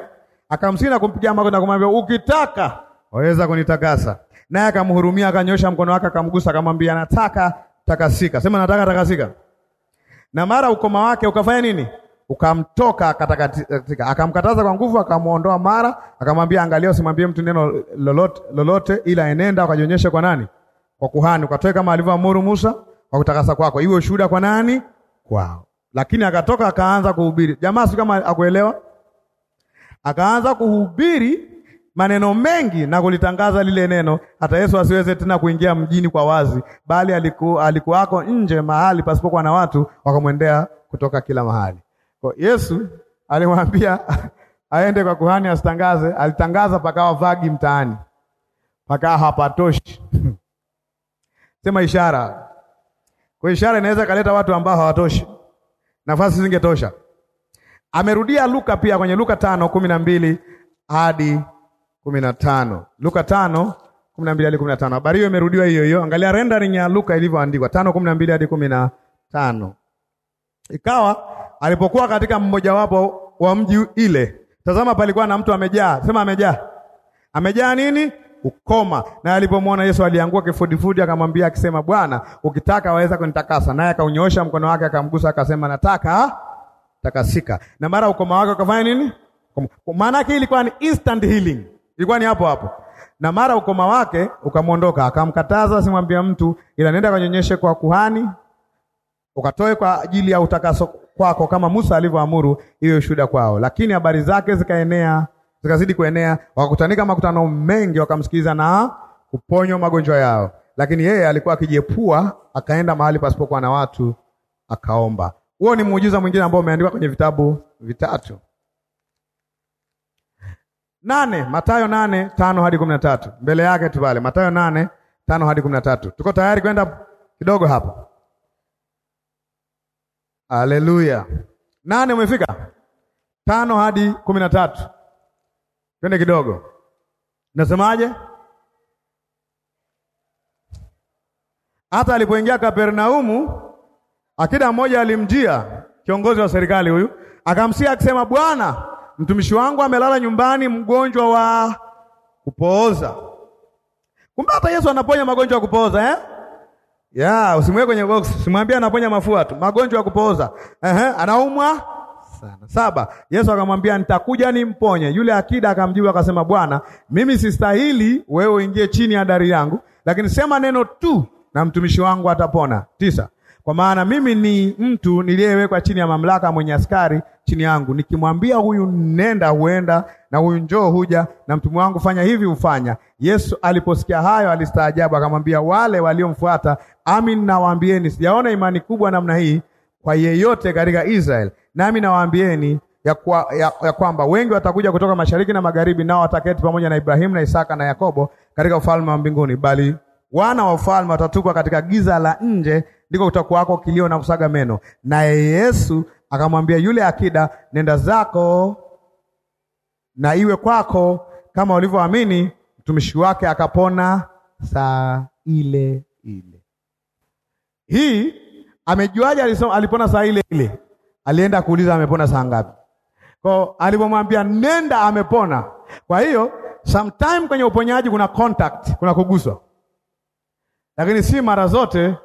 Akamsihi na kumpigia magoti na kumwambia, ukitaka waweza kunitakasa. Naye akamhurumia, akanyosha mkono wake, akamgusa, akamwambia, nataka takasika. Sema nataka takasika na mara ukoma wake ukafanya nini? Ukamtoka katakatika, akamkataza kwa nguvu, akamuondoa mara, akamwambia angalia, usimwambie mtu neno lolote, lolote, ila enenda ukajionyeshe kwa nani? Kwa kuhani, ukatoe kama alivyoamuru Musa kwa kutakasa kwako, iwe ushuhuda kwa nani? Kwao. Lakini akatoka akaanza kuhubiri. Jamaa si kama akuelewa, akaanza kuhubiri maneno mengi na kulitangaza lile neno, hata Yesu asiweze tena kuingia mjini kwa wazi, bali aliku, alikuwako nje mahali pasipokuwa na watu, wakamwendea kutoka kila mahali. Kwa Yesu alimwambia aende kwa kuhani asitangaze, alitangaza pakawa vagi mtaani, pakawa hapatoshi sema ishara. Kwa ishara inaweza kaleta watu ambao hawatoshi, nafasi zingetosha. Amerudia Luka pia kwenye Luka tano kumi na mbili hadi kumi na tano Luka tano kumi na mbili hadi kumi na tano Habari hiyo imerudiwa hiyo hiyo, angalia rendering ya Luka ilivyoandikwa tano kumi na mbili hadi kumi na tano Ikawa alipokuwa katika mmojawapo wa mji ile, tazama, palikuwa na mtu amejaa, sema amejaa, amejaa nini? Ukoma. Naye alipomwona Yesu aliangua kifudifudi, akamwambia akisema, Bwana, ukitaka waweza kunitakasa. Naye akaunyoosha mkono wake, akamgusa, akasema, nataka takasika. Na mara ukoma wake ukafanya nini? Maana yake ilikuwa ni instant healing Ilikuwa ni hapo hapo. Na mara ukoma wake ukamwondoka, akamkataza simwambia mtu, ila nenda kanyonyeshe kwa kuhani, ukatoe kwa ajili ya utakaso kwako, kama Musa alivyoamuru, iwe ushuhuda kwao. Lakini habari zake zikaenea, zikazidi kuenea, wakakutanika makutano mengi, wakamsikiliza na kuponywa magonjwa yao. Lakini yeye alikuwa akijepua, akaenda mahali pasipokuwa na watu, akaomba. Huo ni muujiza mwingine ambao umeandikwa kwenye vitabu vitatu nane Matayo nane tano hadi kumi na tatu mbele yake tu pale, Matayo nane tano hadi kumi na tatu Tuko tayari kwenda kidogo hapo? Aleluya, nane umefika, tano hadi kumi na tatu twende kidogo. Nasemaje? Hata alipoingia Kapernaumu, akida mmoja alimjia, kiongozi wa serikali huyu, akamsia akisema, Bwana mtumishi wangu amelala nyumbani mgonjwa wa kupooza. Kumbe hata Yesu anaponya magonjwa ya kupooza eh? Yeah, usimwe kwenye box, usimwambie anaponya mafua tu, magonjwa ya kupooza. Ehe, anaumwa sana. Saba, Yesu akamwambia nitakuja nimponye. Yule akida akamjibu akasema, Bwana, mimi sistahili wewe uingie chini ya dari yangu, lakini sema neno tu na mtumishi wangu atapona. Tisa, kwa maana mimi ni mtu niliyewekwa chini ya mamlaka, mwenye askari chini yangu, nikimwambia huyu nenda, huenda, na huyu njoo, huja, na mtumwa wangu fanya hivi, hufanya. Yesu aliposikia hayo alistaajabu, akamwambia wale waliomfuata, amin nawaambieni, sijaona imani kubwa namna hii kwa yeyote katika Israeli. Nami nawaambieni ya, kwa, ya, ya kwamba wengi watakuja kutoka mashariki na magharibi, nao wataketi pamoja na Ibrahimu na Isaka na Yakobo katika ufalme wa mbinguni, bali wana wa ufalme watatupwa katika giza la nje ndiko kwako kilio na kusaga meno. Naye Yesu akamwambia yule akida, nenda zako na iwe kwako kama ulivyoamini. Mtumishi wake akapona saa ile ile. Hii amejuaje? alipona saa ile ile, alienda kuuliza amepona saa ngapi? Kwa alipomwambia nenda, amepona. Kwa hiyo sometime kwenye uponyaji kuna contact, kuna kuguswa, lakini si mara zote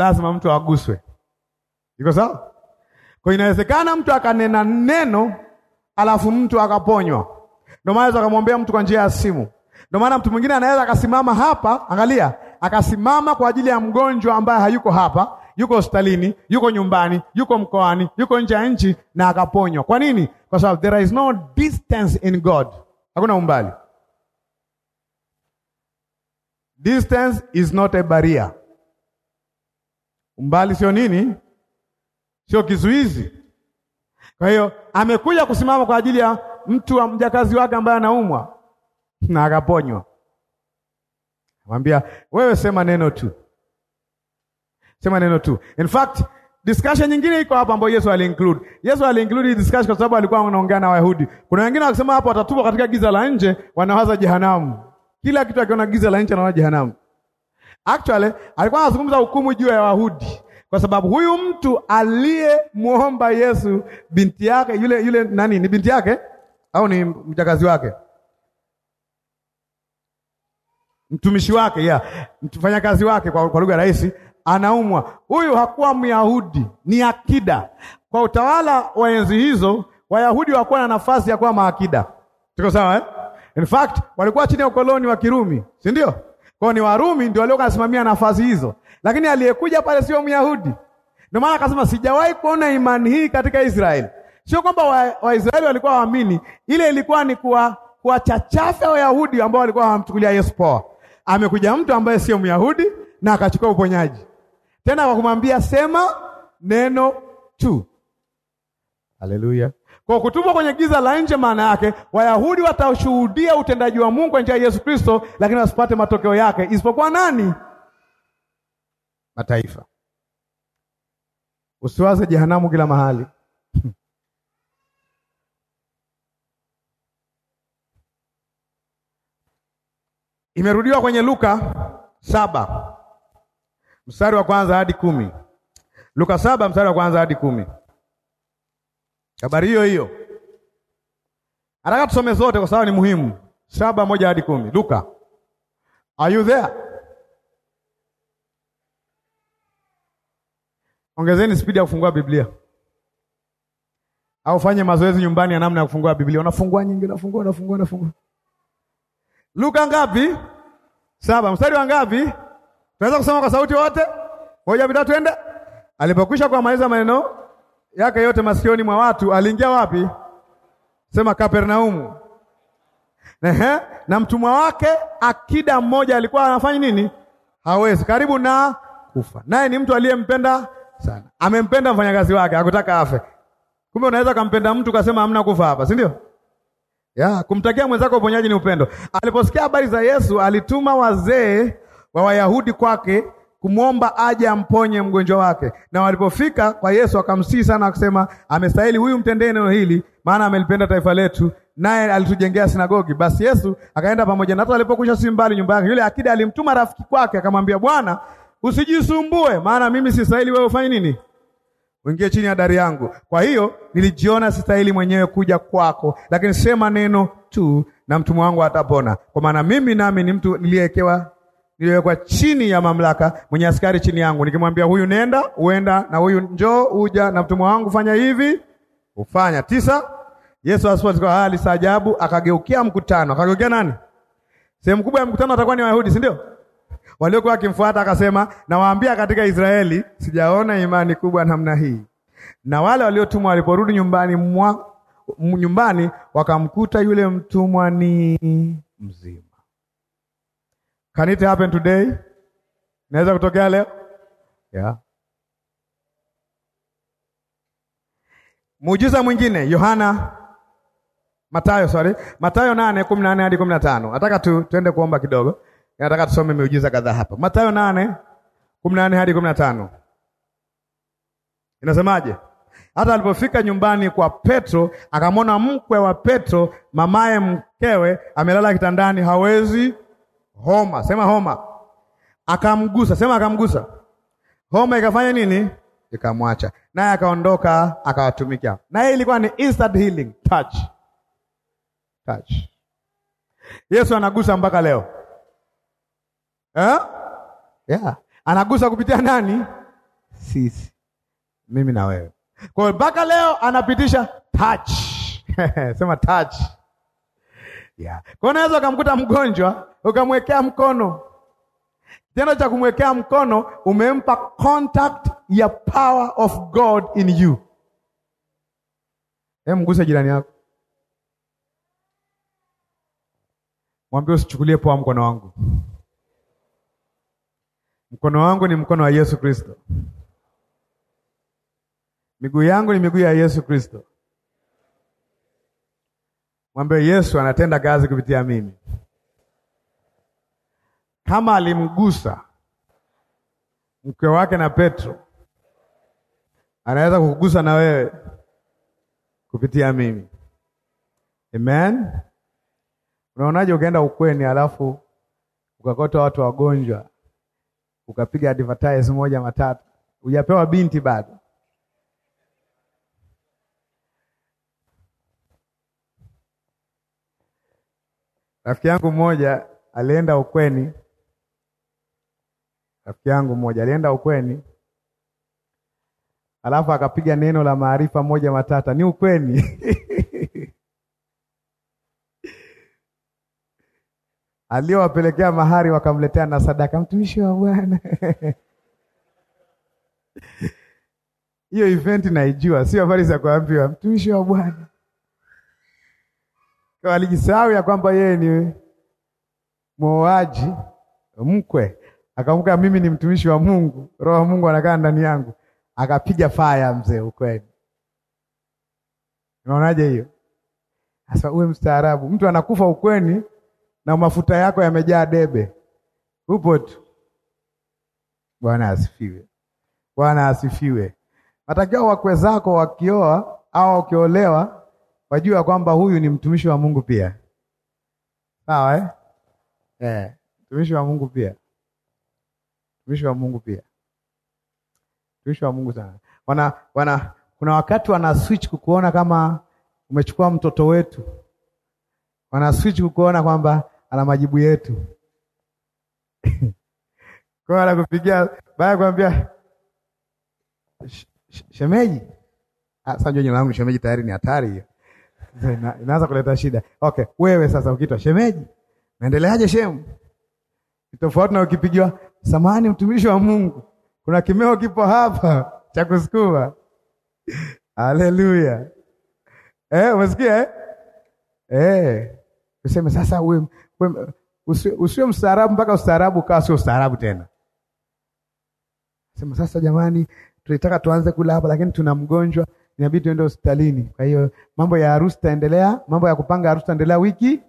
lazima mtu aguswe. Iko sawa? Kwa inawezekana mtu akanena neno alafu mtu akaponywa. Ndio maana akamwambia mtu kwa njia ya simu. Ndio maana mtu mwingine anaweza akasimama hapa, angalia, akasimama kwa ajili ya mgonjwa ambaye hayuko hapa, yuko hospitalini, yuko nyumbani, yuko mkoani, yuko nje ya nchi na akaponywa. Kwa nini? Kwa sababu there is no distance in God. Hakuna umbali. Distance is not a barrier. Umbali sio nini? Sio kizuizi. Kwa hiyo amekuja kusimama kwa ajili ya mtu wa mjakazi wake ambaye anaumwa na akaponywa. Mwambia wewe, sema neno tu, sema neno tu. In fact discussion nyingine iko hapa ambayo Yesu aliinclude. Yesu aliinclude hii discussion kwa sababu alikuwa anaongea na Wayahudi. Kuna wengine wakisema hapo watatupwa katika giza la nje, wanawaza jehanamu. Kila kitu akiona giza la nje anaona jehanamu. Actually alikuwa anazungumza hukumu juu ya Wayahudi kwa sababu huyu mtu aliyemwomba Yesu binti yake yule, yule nani ni binti yake au ni mjakazi wake mtumishi wake ya mfanyakazi wake, kwa, kwa lugha rahisi, anaumwa. Huyu hakuwa Myahudi, ni akida. Kwa utawala wa enzi hizo Wayahudi wakuwa na nafasi ya kuwa maakida. Tuko sawa eh? In fact walikuwa chini ya ukoloni wa Kirumi, si ndio? Kwao ni Warumi ndio walio kasimamia nafasi hizo, lakini aliyekuja pale sio Myahudi. Ndio maana akasema sijawahi kuona imani hii katika Israeli. Sio kwamba Waisraeli wa walikuwa waamini, ile ilikuwa ni kuwachachafya Wayahudi ambao walikuwa hawamchukulia Yesu poa. Amekuja mtu ambaye sio Myahudi na akachukua uponyaji, tena kwa kumwambia sema neno tu. Haleluya! Kwa kutupwa kwenye giza la nje, maana yake Wayahudi watashuhudia utendaji wa Mungu kwa njia ya Yesu Kristo, lakini wasipate matokeo yake isipokuwa nani? Mataifa. Usiwaze jehanamu kila mahali. Imerudiwa kwenye Luka saba mstari wa kwanza hadi kumi. Luka saba mstari wa kwanza hadi kumi. Habari hiyo hiyo nataka tusome zote kwa sababu ni muhimu. saba moja hadi kumi Luka. Are you there? Ongezeni spidi ya kufungua Biblia au fanye mazoezi nyumbani ya namna ya kufungua Biblia. Unafungua nyingi, unafungua, unafungua, unafungua. Luka ngapi? Saba. Mstari wa ngapi? Tunaweza kusoma kwa sauti wote? Moja, bila twende. Alipokwisha kuamaliza maneno yake yote masikioni mwa watu, aliingia wapi? Sema Kapernaumu. Ehe, na mtumwa wake akida mmoja alikuwa anafanya nini? Hawezi, karibu na kufa, naye ni mtu aliyempenda sana, amempenda mfanyakazi wake, hakutaka afe. Kumbe unaweza kumpenda mtu kasema hamna kufa hapa, si ndio? Ya, kumtakia mwenzako uponyaji ni upendo. Aliposikia habari za Yesu, alituma wazee wa Wayahudi kwake kumwomba aje amponye mgonjwa wake. Na walipofika kwa Yesu akamsii sana, akasema amestahili huyu, mtendee neno hili, maana amelipenda taifa letu, naye alitujengea sinagogi. Basi Yesu akaenda pamoja na, hata alipokusha si mbali nyumba yake, yule akida alimtuma rafiki kwake, akamwambia, Bwana, usijisumbue, maana mimi sistahili wewe ufanye nini uingie chini ya dari yangu. Kwa hiyo nilijiona sistahili mwenyewe kuja kwako, lakini sema neno tu na mtumwa wangu atapona, kwa maana mimi nami ni mtu niliyewekewa niliwekwa chini ya mamlaka, mwenye askari chini yangu, nikimwambia huyu nenda uenda, na huyu njoo uja, na mtumwa wangu fanya hivi ufanya. Tisa, Yesu asipokuwa hali ajabu, akageukia mkutano. Akageukia nani? Sehemu kubwa ya mkutano atakuwa ni Wayahudi, si ndio? Waliokuwa wakimfuata akasema, nawaambia katika Israeli sijaona imani kubwa namna hii. Na wale waliotumwa waliporudi nyumbani mwa nyumbani wakamkuta yule mtumwa ni mzima. Can it happen today? Inaweza kutokea leo? Yeah. Muujiza mwingine Yohana Matayo, sorry. Matayo 8:14 hadi 15. Nataka tu twende kuomba kidogo. Nataka tusome miujiza kadhaa hapa. Matayo 8:14 hadi 15. Inasemaje? Hata alipofika nyumbani kwa Petro, akamwona mkwe wa Petro, mamaye mkewe, amelala kitandani, hawezi homa, sema homa. Akamgusa, sema akamgusa. Homa ikafanya nini? Ikamwacha naye akaondoka, akawatumikia. Na hii ilikuwa ni instant healing touch, touch. Yesu anagusa mpaka leo eh? Yeah. Anagusa kupitia nani? Sisi, mimi na wewe. Kwa hiyo mpaka leo anapitisha touch sema touch. Yeah. Kwa hiyo naweza mgonjwa ukamwekea mkono. kitendo cha kumwekea mkono umempa contact ya power of God in you. Hem, mguse jirani yako, mwambie usichukulie poa mkono wangu. Mkono wangu ni mkono wa Yesu Kristo. Miguu yangu ni miguu ya Yesu Kristo. Mwambie Yesu anatenda kazi kupitia mimi kama alimgusa mke wake na Petro, anaweza kukugusa na wewe kupitia mimi. Amen. Unaonaje ukaenda ukweni alafu ukakota watu wagonjwa ukapiga advertise moja matatu, hujapewa binti bado? Rafiki yangu mmoja alienda ukweni Rafiki yangu mmoja alienda ukweni, alafu akapiga neno la maarifa moja matata, ni ukweni aliyowapelekea mahari wakamletea na sadaka, mtumishi wa Bwana hiyo event naijua, sio habari za kuambiwa mtumishi wa Bwana. Walijisahau ya kwamba yeye ni mwoaji mkwe, Akakumbuka mimi ni mtumishi wa Mungu, roho wa Mungu anakaa ndani yangu, akapiga faya mzee. Ukweli unaonaje hiyo? Sasa uwe mstaarabu, mtu anakufa ukweni na mafuta yako yamejaa debe, upo tu. Bwana asifiwe, Bwana asifiwe. Natakiwa wakwe zako wakioa au wakiolewa wajua ya kwamba huyu ni mtumishi wa Mungu pia, sawa eh? Eh, mtumishi wa Mungu pia Mtumishi wa Mungu pia, mtumishi wa Mungu sana. Wana, wana, kuna wakati wana switch kukuona kama umechukua mtoto wetu, wana switch kukuona kwamba ana majibu yetu kwa anakupigia baya kuambia shemeji, ah, sasa njoo langu shemeji, tayari ni hatari hiyo, inaanza kuleta shida. Okay, wewe sasa ukiitwa shemeji, naendeleaje shemu? Tofauti na ukipigiwa samani mtumishi wa Mungu, kuna kimeo kipo hapa cha kusukuma. Haleluya! Eh, umesikia eh? Eh, useme sasa uwe, usiwe mstaarabu mpaka ustaarabu kawa sio ustaarabu tena. Sema sasa, jamani, tulitaka tuanze kula hapa, lakini tuna mgonjwa, inabidi tuende hospitalini. Kwa hiyo mambo ya harusi taendelea, mambo ya kupanga harusi taendelea wiki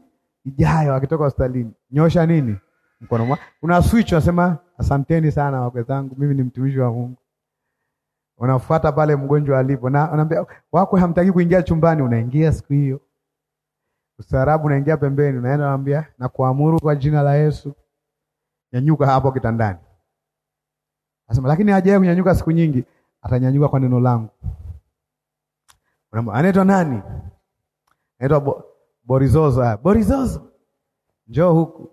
ijayo, akitoka hospitalini. Nyosha nini? mkono mwa una switch, unasema asanteni sana zangu, mimi ni mtumishi wa Mungu. Unafuata pale mgonjwa alipo, na anaambia wakwe hamtaki kuingia chumbani, unaingia siku hiyo. Ustaarabu unaingia pembeni, unaenda anambia, na kuamuru kwa jina la Yesu, nyanyuka hapo kitandani. Anasema lakini hajaye kunyanyuka siku nyingi, atanyanyuka kwa neno langu. Unaambia anaitwa nani? Anaitwa Borizoza. Borizoza, njoo huku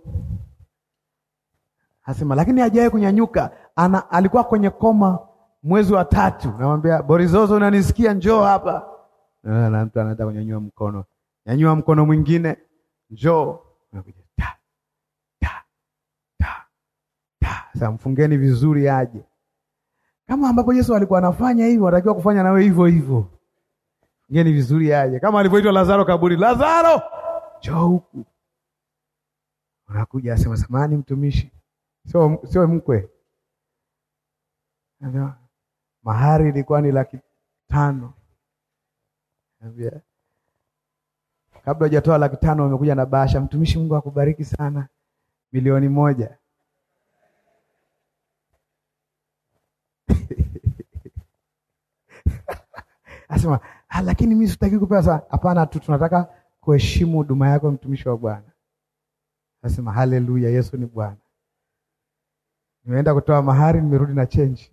Asema lakini hajawahi kunyanyuka. Ana, alikuwa kwenye koma mwezi wa tatu. Namwambia Borizozo, unanisikia? Njoo hapa. Na mtu anataka kunyanyua mkono, nyanyua mkono mwingine, njoo. ta ta ta Sasa mfungeni vizuri aje. Kama ambapo Yesu alikuwa anafanya hivyo, anatakiwa kufanya nawe hivyo hivyo. Ngeni vizuri aje, kama alivyoitwa Lazaro kaburi, Lazaro njoo huku. Unakuja asema, samani mtumishi sio sio mkwe. Mahari ilikuwa ni laki tano. Naambia kabla hajatoa laki tano wamekuja na basha, mtumishi, Mungu akubariki sana, milioni moja. Asema ah, lakini mimi sitaki kupewa. sana hapana tu, tunataka kuheshimu huduma yako, mtumishi wa Bwana. nasema haleluya, Yesu ni Bwana nimeenda kutoa mahari, nimerudi na change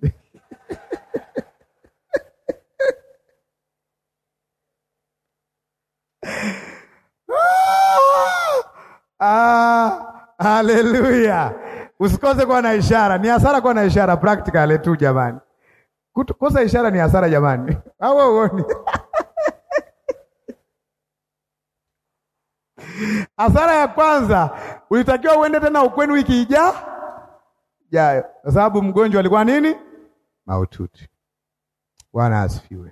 ah, Haleluya! Usikose kuwa na ishara. Ni hasara kuwa na ishara practical tu jamani. Kukosa ishara ni hasara jamani, au uoni? Hasara ya kwanza, ulitakiwa uende tena ukweni wiki ijayo jayo, kwa sababu mgonjwa alikuwa nini? Maututi. Bwana asifiwe.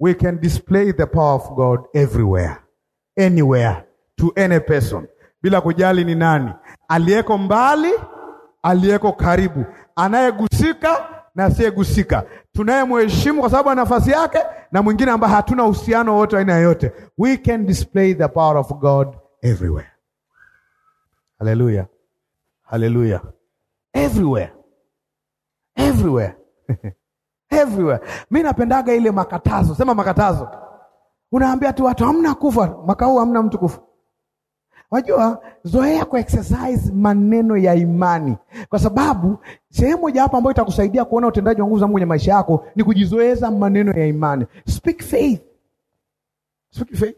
We can display the power of God everywhere, anywhere, to any person, bila kujali ni nani aliyeko mbali, aliyeko karibu, anayegusika na asiyegusika, tunayemheshimu kwa sababu ya nafasi yake na mwingine ambaye hatuna uhusiano wote aina yoyote. We can display the power of God everywhere. Haleluya, haleluya everywhere everywhere everywhere. Mi napendaga ile makatazo, sema makatazo. Unaambia tu watu hamna kufa mwaka huu, hamna mtu kufa. Wajua, zoea ku exercise maneno ya imani, kwa sababu sehemu moja hapa ambayo itakusaidia kuona utendaji wa nguvu za Mungu kwenye maisha yako ni kujizoeza maneno ya imani. Speak faith. Speak faith.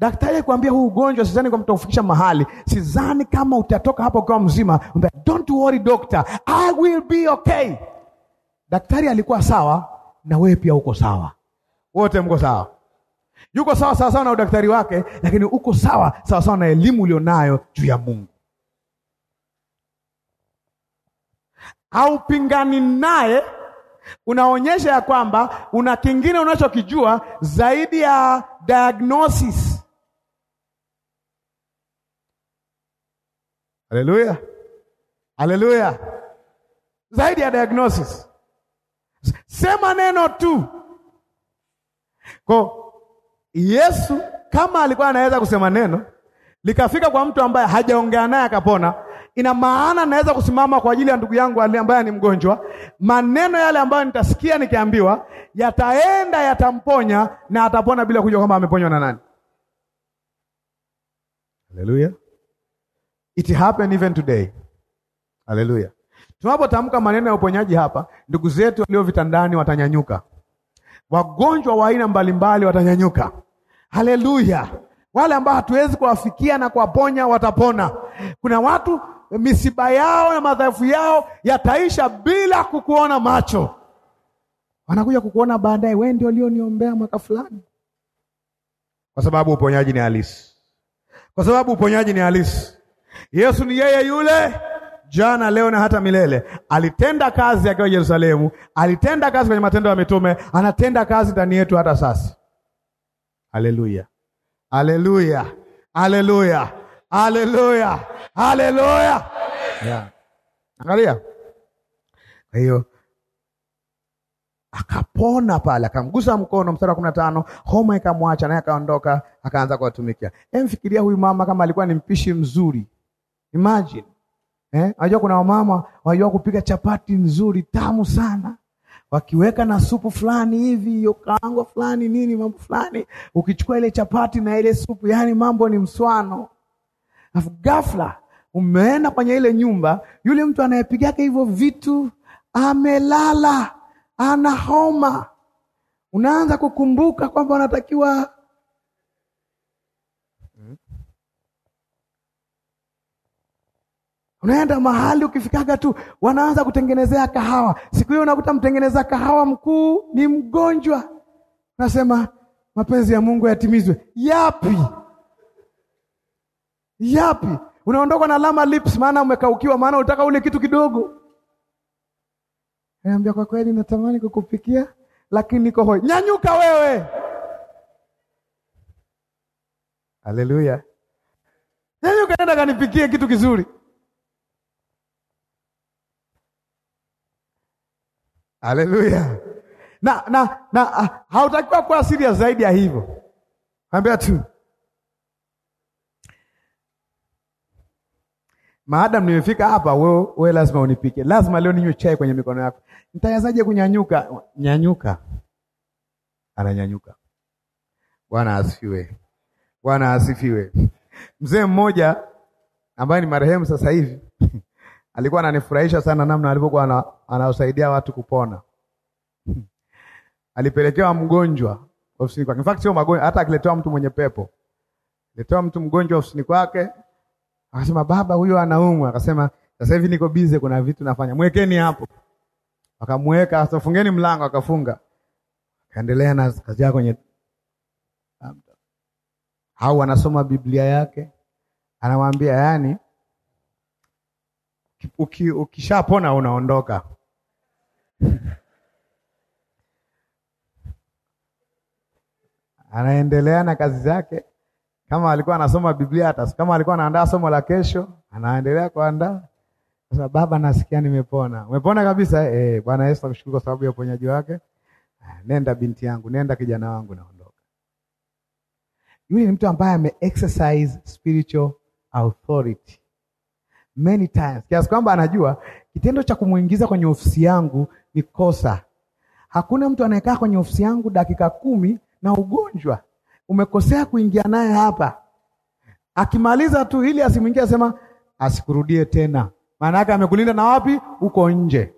Daktari akwambia huu ugonjwa sidhani kama utaufikisha mahali, sidhani kama utatoka hapa ukiwa mzima. Don't worry doctor, I will be okay. Daktari alikuwa sawa na wewe pia uko sawa, wote mko sawa. Yuko sawa sawa sawa na udaktari wake, lakini uko sawa sawa sawa na elimu ulionayo juu ya Mungu. Haupingani naye, unaonyesha ya kwamba una kingine unachokijua zaidi ya diagnosis Haleluya, haleluya! Zaidi ya diagnosis, sema neno tu. Kwa Yesu kama alikuwa anaweza kusema neno likafika kwa mtu ambaye hajaongea naye akapona, ina maana naweza kusimama kwa ajili ya ndugu yangu ambaye ni mgonjwa. Maneno yale ambayo nitasikia nikiambiwa yataenda, yatamponya na atapona bila kujua kwamba ameponywa na nani. Haleluya. It happened even today. Haleluya. Tunapotamka maneno ya uponyaji hapa, ndugu zetu walio vitandani watanyanyuka, wagonjwa wa aina mbalimbali watanyanyuka. Haleluya. Wale ambao hatuwezi kuwafikia na kuwaponya watapona. Kuna watu misiba yao na madhaifu yao yataisha bila kukuona macho, wanakuja kukuona baadaye, wewe ndio ulioniombea mwaka fulani, kwa sababu uponyaji ni halisi, kwa sababu uponyaji ni halisi. Yesu ni yeye yule jana leo na hata milele. Alitenda kazi akiwa Yerusalemu, alitenda kazi kwenye matendo ya mitume, anatenda kazi ndani yetu hata sasa. Haleluya, haleluya, haleluya, haleluya, haleluya! Angalia, kwa hiyo akapona pale, akamgusa mkono. Mstari wa kumi na tano, homa ikamwacha naye akaondoka, akaanza kuwatumikia. Emfikiria huyu mama kama alikuwa ni mpishi mzuri Imagine. Eh, najua kuna wamama wajua kupika chapati nzuri tamu sana, wakiweka na supu fulani hivi yokaangwa fulani nini mambo fulani, ukichukua ile chapati na ile supu, yaani mambo ni mswano. Alafu ghafla umeenda kwenye ile nyumba, yule mtu anayepigaka hivyo vitu amelala, ana homa. Unaanza kukumbuka kwamba unatakiwa Unaenda mahali ukifikaga tu wanaanza kutengenezea kahawa. Siku hiyo unakuta mtengeneza kahawa mkuu ni mgonjwa. Nasema mapenzi ya Mungu yatimizwe. Yapi? Yapi? Unaondoka na lama lips maana umekaukiwa maana unataka ule kitu kidogo. Naambia kwa kweli natamani kukupikia lakini niko hoi. Nyanyuka wewe. Haleluya. Nyanyuka, nenda kanipikie kitu kizuri. Haleluya. Na, na, na ah, hautakiwa kuwa serious zaidi ya hivyo. Ambia tu maadamu nimefika hapa, wewe we lazima unipike, lazima leo ninywe chai kwenye mikono yako. Nitawezaje kunyanyuka? Nyanyuka, ananyanyuka. Bwana asifiwe, Bwana asifiwe. Mzee mmoja ambaye ni marehemu sasa hivi alikuwa ananifurahisha sana namna alivyokuwa anawasaidia watu kupona. Hmm. Alipelekewa mgonjwa ofisini kwake. In fact sio magonjwa, hata akiletewa mtu mwenye pepo. Letewa mtu mgonjwa ofisini kwake, akasema baba, huyo anaumwa. Akasema sasa hivi niko bize, kuna vitu nafanya, mwekeni hapo. Akamweka, asafungeni mlango, akafunga, akaendelea na kazi yake kwenye au anasoma Biblia yake, anamwambia yani uki, ukishapona unaondoka. Anaendelea na kazi zake. Kama alikuwa anasoma Biblia hata kama alikuwa anaandaa somo la kesho, anaendelea kuandaa. Sasa baba, nasikia nimepona. Umepona kabisa? Eh, Bwana Yesu akushukuru kwa sababu ya uponyaji wake. Ah, nenda binti yangu, nenda kijana wangu, naondoka. Yule ni mtu ambaye ame exercise spiritual authority many times, kiasi kwamba anajua kitendo cha kumwingiza kwenye ofisi yangu ni kosa. Hakuna mtu anayekaa kwenye ofisi yangu dakika kumi na ugonjwa. Umekosea kuingia naye hapa. Akimaliza tu ili asimwingie, asema asikurudie tena. Maana yake amekulinda na wapi? Uko nje.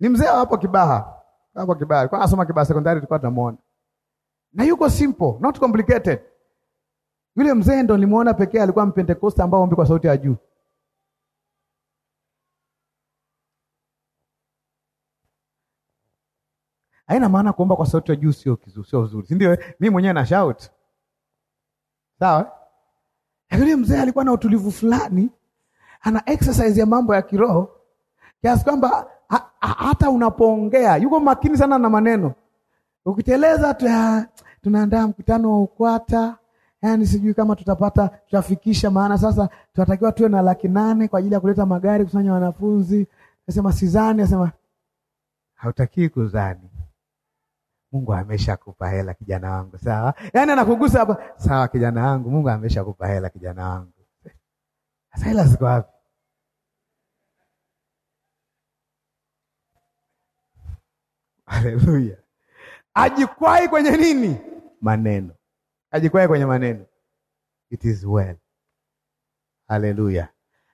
Ni mzee hapo Kibaha, hapo Kibaha kwa asoma Kibaha sekondari, tulikuwa tunamuona na yuko simple, not complicated. Yule mzee ndo nilimuona pekee, alikuwa mpentekosta ambao ombi kwa sauti ya juu Haina maana kuomba kwa sauti ya juu sio kizuri, sio uzuri, sindio? ndio? Mimi eh? mwenyewe na shout, sawa. Eh? Yule mzee alikuwa na utulivu fulani, ana exercise ya mambo ya kiroho kiasi kwamba hata unapoongea yuko makini sana na maneno. Ukiteleza tu, ah, tunaandaa mkutano wa UKWATA, yani sijui kama tutapata tutafikisha, maana sasa tunatakiwa tuwe na laki nane kwa ajili ya kuleta magari, kusanya wanafunzi. Nasema sizani, nasema hautakii kuzani Mungu ameshakupa hela kijana wangu, sawa. Yaani anakugusa hapa, sawa kijana wangu, Mungu ameshakupa hela kijana wangu. Sasa hela ziko wapi? Haleluya! Ajikwai kwenye nini? Maneno. Ajikwai kwenye maneno. It is well. Haleluya!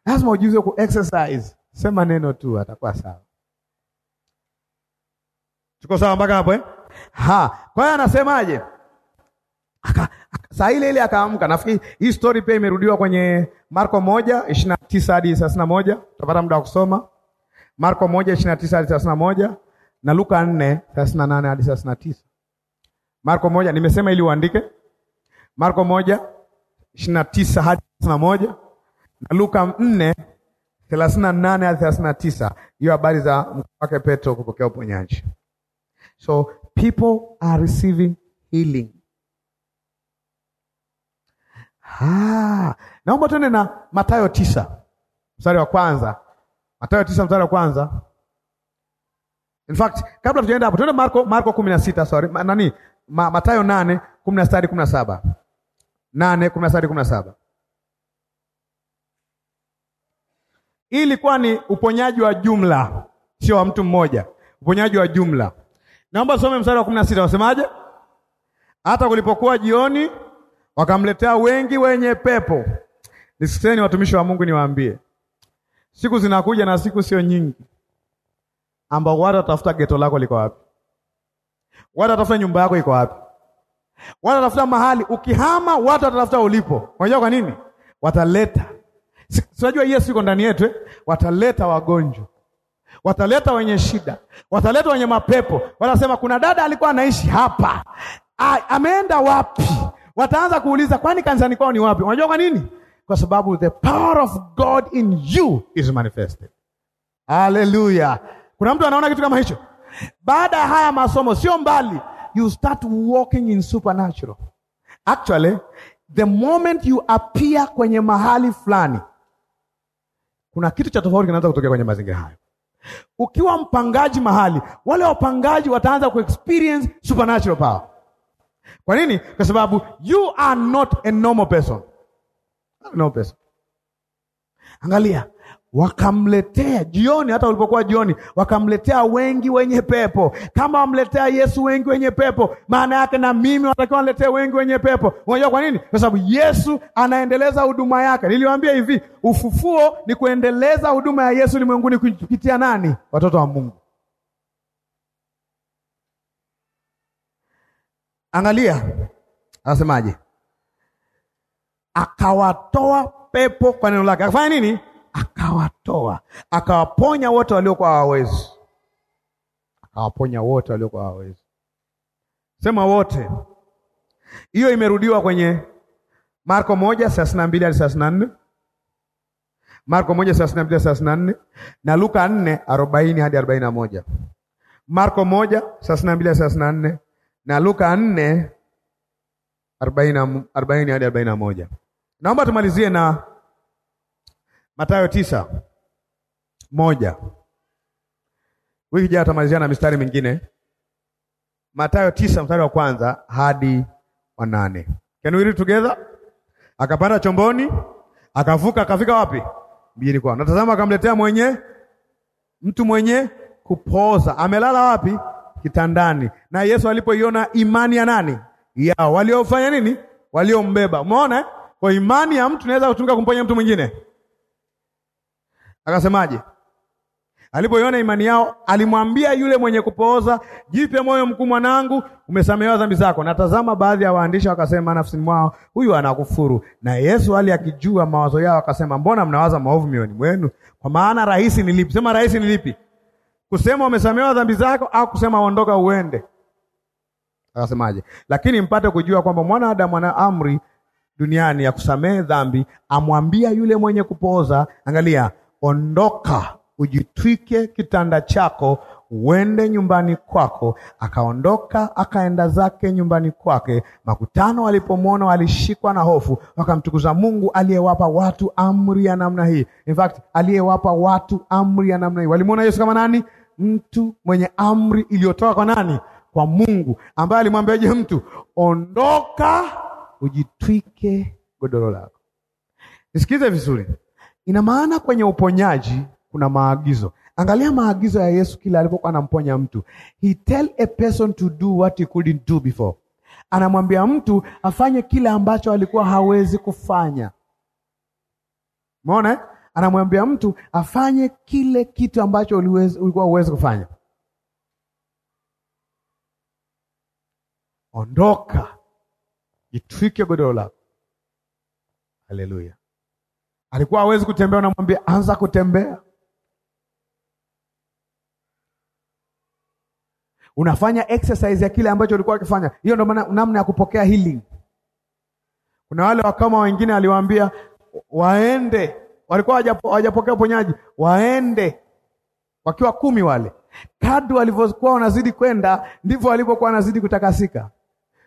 Lazima ujuze ku exercise. Sema neno tu, atakuwa sawa. Tuko sawa mpaka hapo eh? ha. Kwa hiyo anasemaje? Saa ile ile akaamka. Nafikiri hii story pia imerudiwa kwenye Marko 1:29 hadi 31. utapata muda wa kusoma Marko 1:29 hadi 31 na Luka 4:38 hadi 39. Marko moja nimesema ili uandike Marko moja hadi 31 na Luka 4:38 hadi 39. hiyo habari za mkwake Petro kupokea uponyaji. So People are receiving healing. Ah, naomba tuende na Mathayo tisa mstari wa kwanza. Mathayo tisa mstari wa kwanza. In fact, kabla tujaenda hapo tuende Marko, Marko kumi na sita sorry, nani Ma, Mathayo nane kumi na sita kumi na saba nane kumi na sita kumi na saba Hii ilikuwa ni uponyaji wa jumla, sio wa mtu mmoja, uponyaji wa jumla. Naomba usome mstari wa kumi na sita wasemaje? Hata kulipokuwa jioni, wakamletea wengi wenye pepo. Nisikizeni watumishi wa Mungu, niwaambie siku zinakuja na siku sio nyingi, ambao watu watafuta geto lako liko wapi, watu watafuta nyumba yako iko wapi, watu watafuta mahali ukihama, watu watatafuta ulipo. Unajua kwa nini? Wataleta, si unajua Yesu yuko ndani yetu eh? Wataleta wagonjwa wataleta wenye shida, wataleta wenye mapepo, watasema kuna dada alikuwa anaishi hapa, A, ameenda wapi? Wataanza kuuliza kwani kanisani kwao ni wapi? Unajua kwa nini? Kwa sababu the power of God in you is manifested. Haleluya! Kuna mtu anaona kitu kama hicho? Baada ya haya masomo, sio mbali, you start walking in supernatural. Actually, the moment you appear kwenye mahali fulani, kuna kitu cha tofauti kinaanza kutokea kwenye mazingira hayo. Ukiwa mpangaji mahali, wale wapangaji wataanza ku experience supernatural power. Kwa nini? Kwa sababu you are not a normal person. Normal person. Angalia, wakamletea jioni, hata ulipokuwa jioni, wakamletea wengi wenye pepo. Kama wamletea Yesu wengi wenye pepo, maana yake na mimi wanatakiwa niletee wengi wenye pepo. Unajua kwa nini? Kwa sababu Yesu anaendeleza huduma yake. Niliwaambia hivi, ufufuo ni kuendeleza huduma ya Yesu ulimwenguni kupitia nani? Watoto wa Mungu. Angalia anasemaje, akawatoa pepo kwa neno lake. Akafanya nini? akawatoa, akawaponya wote waliokuwa hawawezi, akawaponya wote waliokuwa hawawezi. Sema wote. Hiyo imerudiwa kwenye Marko moja thelathini na mbili hadi thelathini na nne Marko moja thelathini na mbili hadi thelathini na nne na Luka nne arobaini hadi arobaini na moja Marko moja thelathini na mbili hadi thelathini na nne na Luka nne arobaini hadi arobaini na moja Naomba tumalizie na Mathayo tisa moja. Wiki ijayo tutamalizia na mistari mingine. Mathayo tisa mstari wa kwanza hadi wa nane. Can we read together? Akapanda chomboni, akavuka, akafika wapi? Mjini kwao. Natazama akamletea mwenye mtu mwenye kupoza, amelala wapi? Kitandani. Na Yesu alipoiona imani ya nani? Yao waliofanya nini? Waliombeba. Umeona? Eh? Kwa imani ya mtu naweza kutumika kumponya mtu mwingine. Akasemaje? Alipoiona imani yao, alimwambia yule mwenye kupooza, jipe moyo mkuu, mwanangu, umesamehewa dhambi zako. Na tazama, baadhi ya waandishi wakasema nafsini mwao, huyu anakufuru. Na Yesu hali akijua mawazo yao akasema, mbona mnawaza maovu mioyoni mwenu? Kwa maana rahisi ni lipi? Sema, rahisi ni lipi? Kusema umesamehewa dhambi zako, au kusema ondoka uende? Akasemaje? Lakini mpate kujua kwamba mwana mwanadamu ana amri duniani ya kusamehe dhambi. Amwambia yule mwenye kupooza, angalia ondoka, ujitwike kitanda chako uende nyumbani kwako. Akaondoka akaenda zake nyumbani kwake. Makutano walipomwona walishikwa na hofu, wakamtukuza Mungu aliyewapa watu amri ya namna hii. In fact, aliyewapa watu amri ya namna hii. Walimwona Yesu kama nani? Mtu mwenye amri iliyotoka kwa nani? Kwa Mungu, ambaye alimwambiaje mtu, ondoka, ujitwike godoro lako. Nisikize vizuri, Ina maana kwenye uponyaji kuna maagizo. Angalia maagizo ya Yesu kila alipokuwa anamponya mtu, he tell a person to do what he couldn't do before. Anamwambia mtu afanye kile ambacho alikuwa hawezi kufanya. Umeona? Anamwambia mtu afanye kile kitu ambacho ulikuwa huwezi kufanya. Ondoka, itwike godoro lako. Haleluya! alikuwa hawezi kutembea, unamwambia anza kutembea. Unafanya exercise ya kile ambacho ulikuwa ukifanya. Hiyo ndio maana namna ya kupokea healing. Kuna wale wakama wengine aliwaambia waende, walikuwa hawajapokea uponyaji, waende wakiwa kumi. Wale kadri walivyokuwa wanazidi kwenda, ndivyo walivyokuwa wanazidi kutakasika.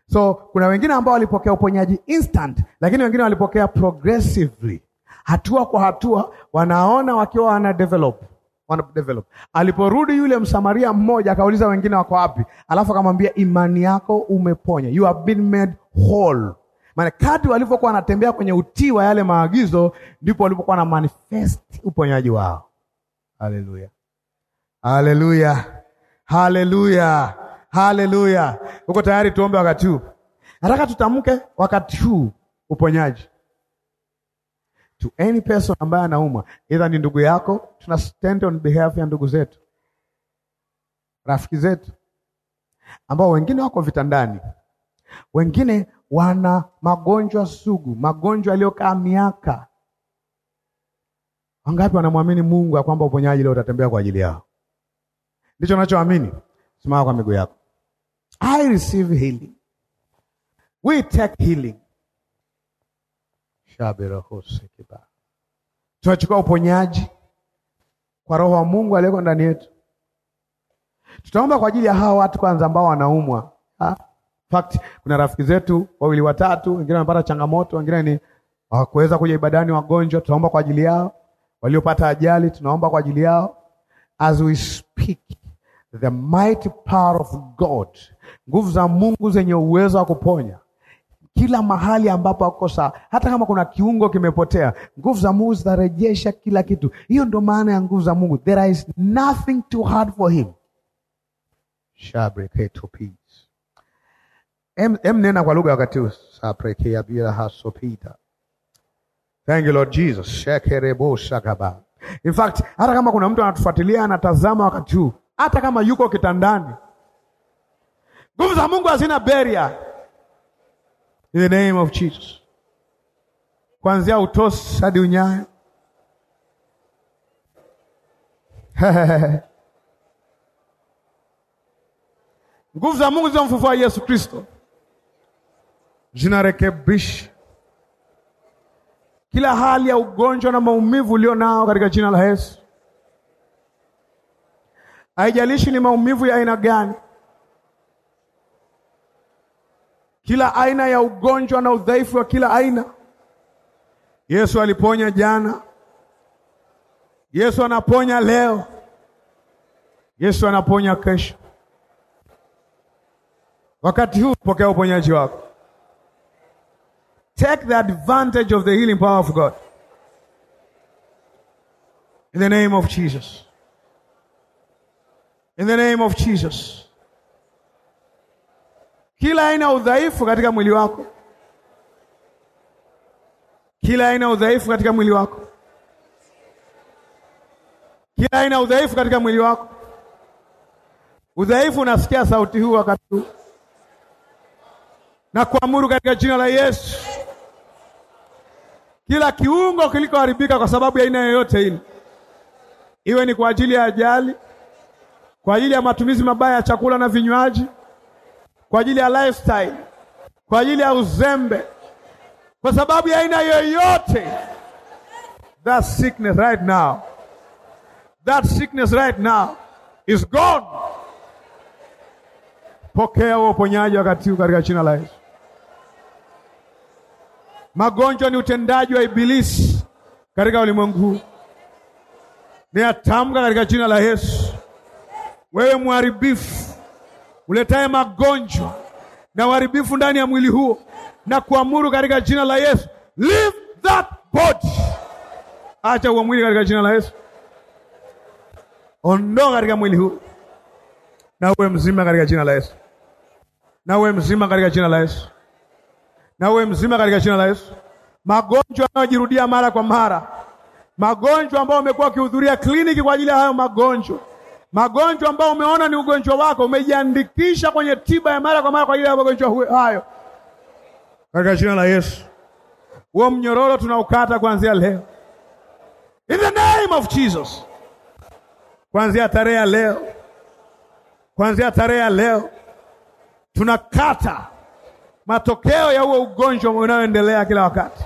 So kuna wengine ambao walipokea uponyaji instant, lakini wengine walipokea progressively hatua kwa hatua, wanaona wakiwa wana develop wana develop. Aliporudi yule Msamaria mmoja akauliza wengine wako wapi, alafu akamwambia imani yako umeponya, you have been made whole. Maana kadri walivyokuwa wanatembea kwenye utii wa yale maagizo, ndipo walipokuwa na manifest uponyaji wao. Haleluya, haleluya, haleluya, haleluya! Uko tayari? Tuombe wakati huu, nataka tutamke wakati huu uponyaji to any person ambaye anaumwa, either ni ndugu yako, tuna stand on behalf ya ndugu zetu, rafiki zetu ambao wengine wako vitandani, wengine wana magonjwa sugu, magonjwa yaliyokaa miaka. Wangapi wanamwamini Mungu ya kwamba uponyaji leo utatembea kwa ajili yao? Ndicho nachoamini. Simama kwa miguu yako. I receive healing. We take healing shabirohusikiba. Tunachukua uponyaji kwa roho wa Mungu aliyeko ndani yetu. Tutaomba kwa ajili ya hawa watu kwanza ambao wanaumwa. Ha? Fact, kuna rafiki zetu wawili watatu, wengine wanapata changamoto, wengine ni hawakuweza kuja ibadani, wagonjwa, tunaomba kwa ajili yao. Waliopata ajali, tunaomba kwa ajili yao. As we speak the mighty power of God, nguvu za Mungu zenye uwezo wa kuponya kila mahali ambapo ako sawa, hata kama kuna kiungo kimepotea, nguvu za Mungu zitarejesha kila kitu. Hiyo ndo maana ya nguvu za Mungu, there is nothing too hard for him. Em, nena kwa lugha wakati huu. Thank you Lord Jesus. In fact, hata kama kuna mtu anatufuatilia anatazama wakati huu, hata kama yuko kitandani, nguvu za Mungu hazina beria In the name of Jesus. Kuanzia utosi hadi unyayo. Nguvu za Mungu zilizomfufua Yesu Kristo zinarekebisha kila hali ya ugonjwa na maumivu ulio nao katika jina la Yesu. Haijalishi ni maumivu ya aina gani. kila aina ya ugonjwa na udhaifu wa kila aina. Yesu aliponya jana, Yesu anaponya leo, Yesu anaponya kesho. Wakati huu pokea uponyaji wako. Take the advantage of the healing power of God. In the name of Jesus. In the name of Jesus. kila aina ya udhaifu katika mwili wako, kila aina ya udhaifu katika mwili wako, kila aina ya udhaifu katika mwili wako. Udhaifu unasikia sauti huu wakati huu, na kuamuru katika jina la Yesu, kila kiungo kilikoharibika kwa sababu ya aina yoyote ile, iwe ni kwa ajili ya ajali, kwa ajili ya matumizi mabaya ya chakula na vinywaji kwa ajili ya lifestyle, kwa ajili ya uzembe, kwa sababu ya aina yoyote. That sickness right now, that sickness right now is gone. Pokea huo uponyaji wakati huu katika jina la Yesu. Magonjwa ni utendaji wa Ibilisi katika ulimwengu huu. Ninatamka katika jina la Yesu, wewe mharibifu uletaye magonjwa na uharibifu ndani ya mwili huo, na kuamuru katika jina la Yesu, leave that body. Acha huo mwili katika jina la Yesu, ondoka katika mwili huo, na uwe mzima katika jina la Yesu, na uwe mzima katika jina la Yesu, na uwe mzima katika jina la Yesu. Magonjwa yanayojirudia mara kwa mara, magonjwa ambayo umekuwa ukihudhuria kliniki kwa ajili ya hayo magonjwa Magonjwa ambayo umeona ni ugonjwa wako, umejiandikisha kwenye tiba ya mara kwa mara kwa ajili ya magonjwa hayo, katika jina la Yesu. Huo mnyororo tunaukata kuanzia leo, in the name of Jesus, kuanzia tarehe ya leo, kuanzia tarehe ya leo tunakata matokeo ya huo ugonjwa unaoendelea kila wakati,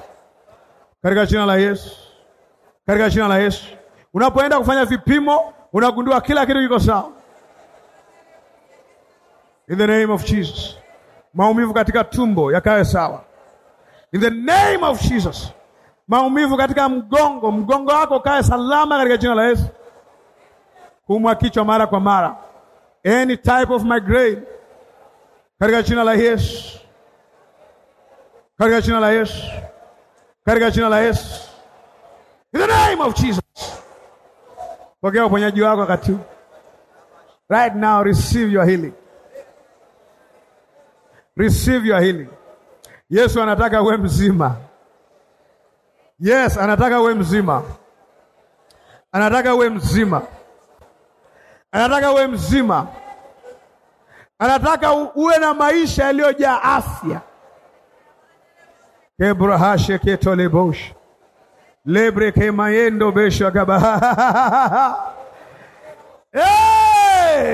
katika jina la Yesu, katika jina la Yesu. Unapoenda kufanya vipimo unagundua kila kitu kiko sawa. In the name of Jesus, maumivu katika tumbo yakawe sawa. In the name of Jesus, maumivu katika mgongo, mgongo wako kae salama katika jina la Yesu. Kumwa kichwa mara kwa mara, any type of migraine katika jina la Yesu, katika jina la Yesu, katika jina la Yesu, in the name of Jesus. Pokea uponyaji wako wakati Right now receive your healing. Receive your healing. Yesu anataka uwe mzima. Yes, anataka uwe mzima. Anataka uwe mzima. Anataka uwe mzima. Anataka uwe na maisha yaliyojaa afya. Kebrahashe ketolebosh lebreke mayendo besha gaba hey!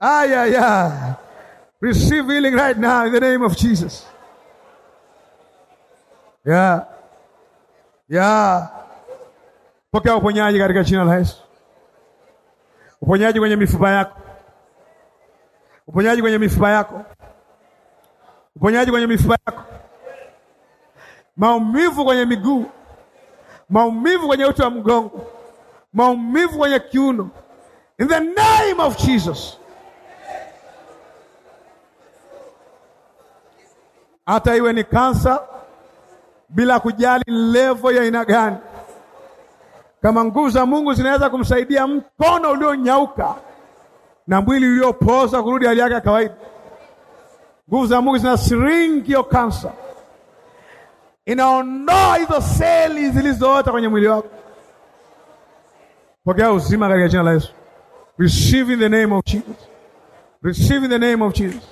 ay, ay, Receive healing right now in the name of Jesus. Yeah. Yeah. Pokea uponyaji katika jina la Yesu. Uponyaji kwenye mifupa yako. Uponyaji kwenye mifupa yako. Uponyaji kwenye mifupa yako maumivu kwenye miguu, maumivu kwenye uti wa mgongo, maumivu kwenye kiuno, in the name of Jesus. Hata iwe ni kansa, bila kujali levo ya aina gani, kama nguvu za Mungu zinaweza kumsaidia mkono ulionyauka na mwili uliopoza kurudi hali yake ya kawaida, nguvu za Mungu zina shrink hiyo kansa. inaondoa hizo seli zilizoota kwenye mwili wako. Pokea uzima katika jina la Yesu. Receive in the name of Jesus. Receive in the name of Jesus.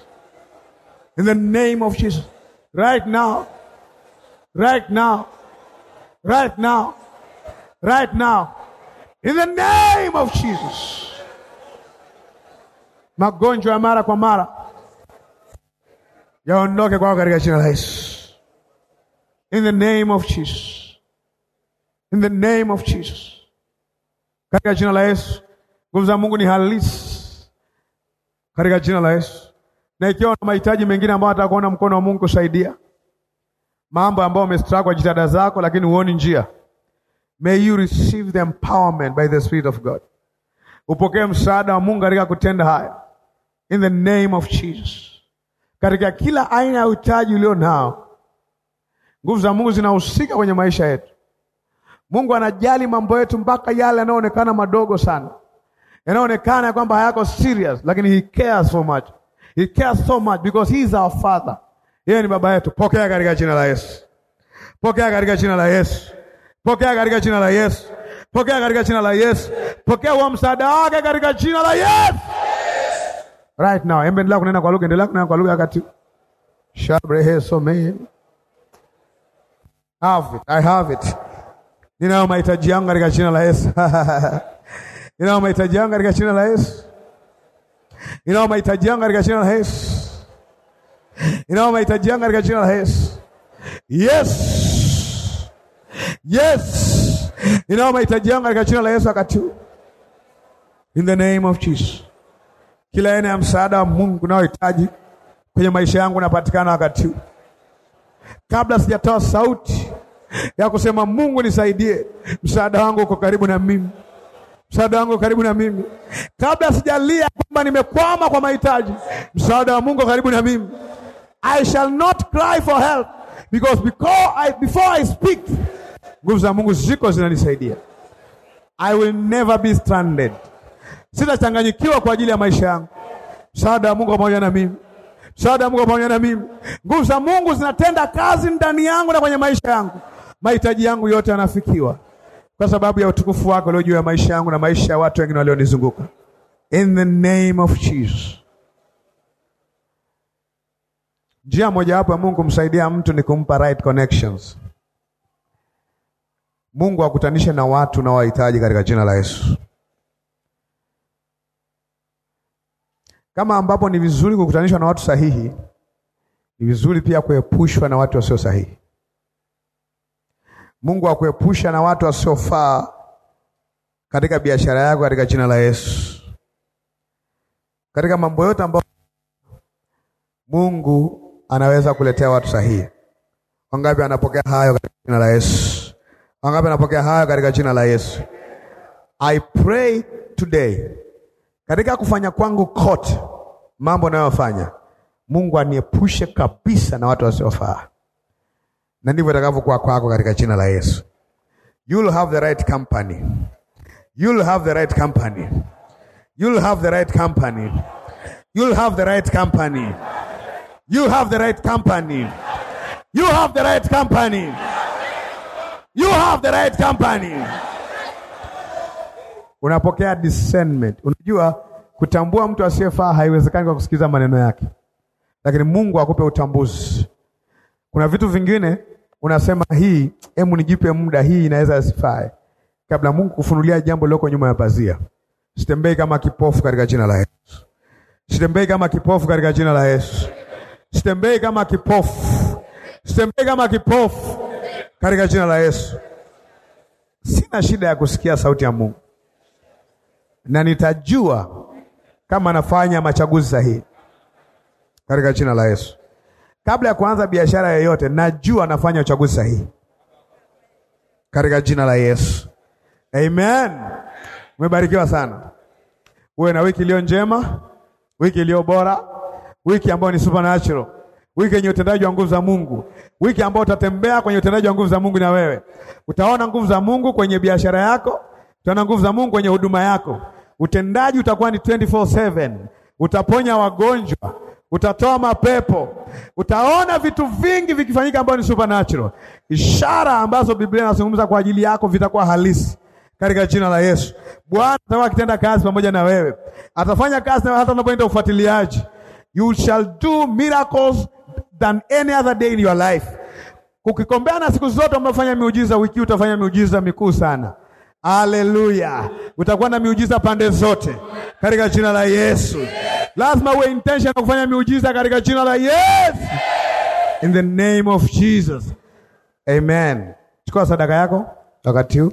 In the name of Jesus. Right now. Right now. Right now. Right now. In the name of Jesus. Magonjwa ya mara kwa mara yaondoke kwako katika jina la Yesu. in the name of Jesus, in the name of Jesus. Katika jina la Yesu, nguvu za Mungu ni halisi katika jina la Yesu. Na ikiwa na mahitaji mengine ambayo atakuona mkono wa Mungu kusaidia mambo ambayo umestruggle kwa jitihada zako, lakini huoni njia, may you receive the empowerment by the Spirit of God. Upokee msaada wa Mungu katika kutenda haya, in the name of Jesus, katika kila aina ya uhitaji ulio nao Nguvu za Mungu zinahusika kwenye maisha yetu. Mungu anajali mambo yetu mpaka yale yanayoonekana madogo sana, yanayoonekana kwamba hayako serious, lakini he cares so much. He cares so much because he is our father. Yeye ni baba yetu. Pokea katika jina la Yesu. Pokea katika jina la Yesu. Pokea katika jina la Yesu. Pokea katika jina la Yesu. Pokea huo msaada wake katika jina la Yesu. Right now, embe endelea kunena kwa lugha, endelea kunena kwa lugha wakati. Shabrehe someni have it. I have it. Ninayo mahitaji yangu katika jina la Yesu. Ninayo mahitaji yangu katika jina la Yesu. Ninayo mahitaji yangu katika jina la Yesu. Ninayo mahitaji yangu katika jina la Yesu. Yes. Yes. Ninayo mahitaji yangu katika jina la Yesu wakati huu. In the name of Jesus. Kila aina ya msaada wa Mungu nayohitaji kwenye maisha yangu napatikana wakati huu. Kabla sijatoa sauti ya kusema Mungu nisaidie, msaada wangu uko karibu na mimi, msaada wangu karibu na mimi, kabla sijalia kwamba nimekwama kwa mahitaji, msaada wa Mungu karibu na mimi. I shall not cry for help because because I, before I speak, nguvu za Mungu ziko zinanisaidia. I will never be stranded, sitachanganyikiwa kwa ajili ya maisha yangu. Msaada wa Mungu pamoja na mimi msaada wa Mungu pamoja na mimi. Nguvu za Mungu zinatenda kazi ndani yangu na kwenye maisha yangu mahitaji yangu yote yanafikiwa kwa sababu ya utukufu wako leo juu ya maisha yangu na maisha ya watu wengine walionizunguka. In the name of Jesus. Njia mojawapo ya Mungu msaidia mtu ni kumpa right connections. Mungu akutanishe na watu na wahitaji katika jina la Yesu. Kama ambapo ni vizuri kukutanishwa na watu sahihi, ni vizuri pia kuepushwa na watu wasio sahihi. Mungu akuepusha na watu wasiofaa katika biashara yako, katika jina la Yesu. Katika mambo yote ambayo Mungu anaweza kuletea watu sahihi. Wangapi anapokea hayo katika jina la Yesu? Wangapi anapokea hayo katika jina la Yesu? I pray today, katika kufanya kwangu kote mambo nayofanya, Mungu aniepushe kabisa na watu wasiofaa na ndivyo itakavyokuwa kwako katika jina la Yesu. You'll have the right company. You'll have the right company. You'll have the right company. You'll have the right company. You have the right company. You have the right company. You have the right company. Unapokea discernment. Unajua kutambua mtu asiyefaa haiwezekani kwa kusikiza maneno yake, lakini Mungu akupe utambuzi. Kuna vitu vingine unasema hii, hebu nijipe muda, hii inaweza asifae, kabla Mungu kufunulia jambo liloko nyuma ya pazia. Sitembei kama kipofu katika jina la Yesu. Sitembei kama kipofu katika jina la Yesu. Sitembei kama kipofu. Sitembei kama kipofu katika jina la Yesu. Sina shida ya kusikia sauti ya Mungu, na nitajua kama nafanya machaguzi sahihi katika jina la Yesu kabla ya kuanza biashara yoyote, najua nafanya uchaguzi sahihi katika jina la Yesu. Amen. Umebarikiwa sana. Uwe na wiki iliyo njema, wiki iliyo bora, wiki ambayo ni supernatural, wiki yenye utendaji wa nguvu za Mungu, wiki ambayo utatembea kwenye utendaji wa nguvu za Mungu. Na wewe utaona nguvu za Mungu kwenye biashara yako, utaona nguvu za Mungu kwenye huduma yako. Utendaji utakuwa ni 24/7. Utaponya wagonjwa, utatoa mapepo, utaona vitu vingi vikifanyika ambayo ni supernatural. Ishara ambazo Biblia inazungumza kwa ajili yako vitakuwa halisi katika jina la Yesu. Bwana atakuwa akitenda kazi pamoja na wewe, atafanya kazi na wewe hata unapoenda ufuatiliaji. You shall do miracles than any other day in your life. Ukikombea na siku zote umefanya miujiza, wiki utafanya miujiza mikuu sana. Haleluya! Utakuwa na miujiza pande zote katika jina la Yesu. Yeah lazima uwe intentional kufanya miujiza katika jina la Yesu, in the name of Jesus, amen. Chukua sadaka yako wakati huu.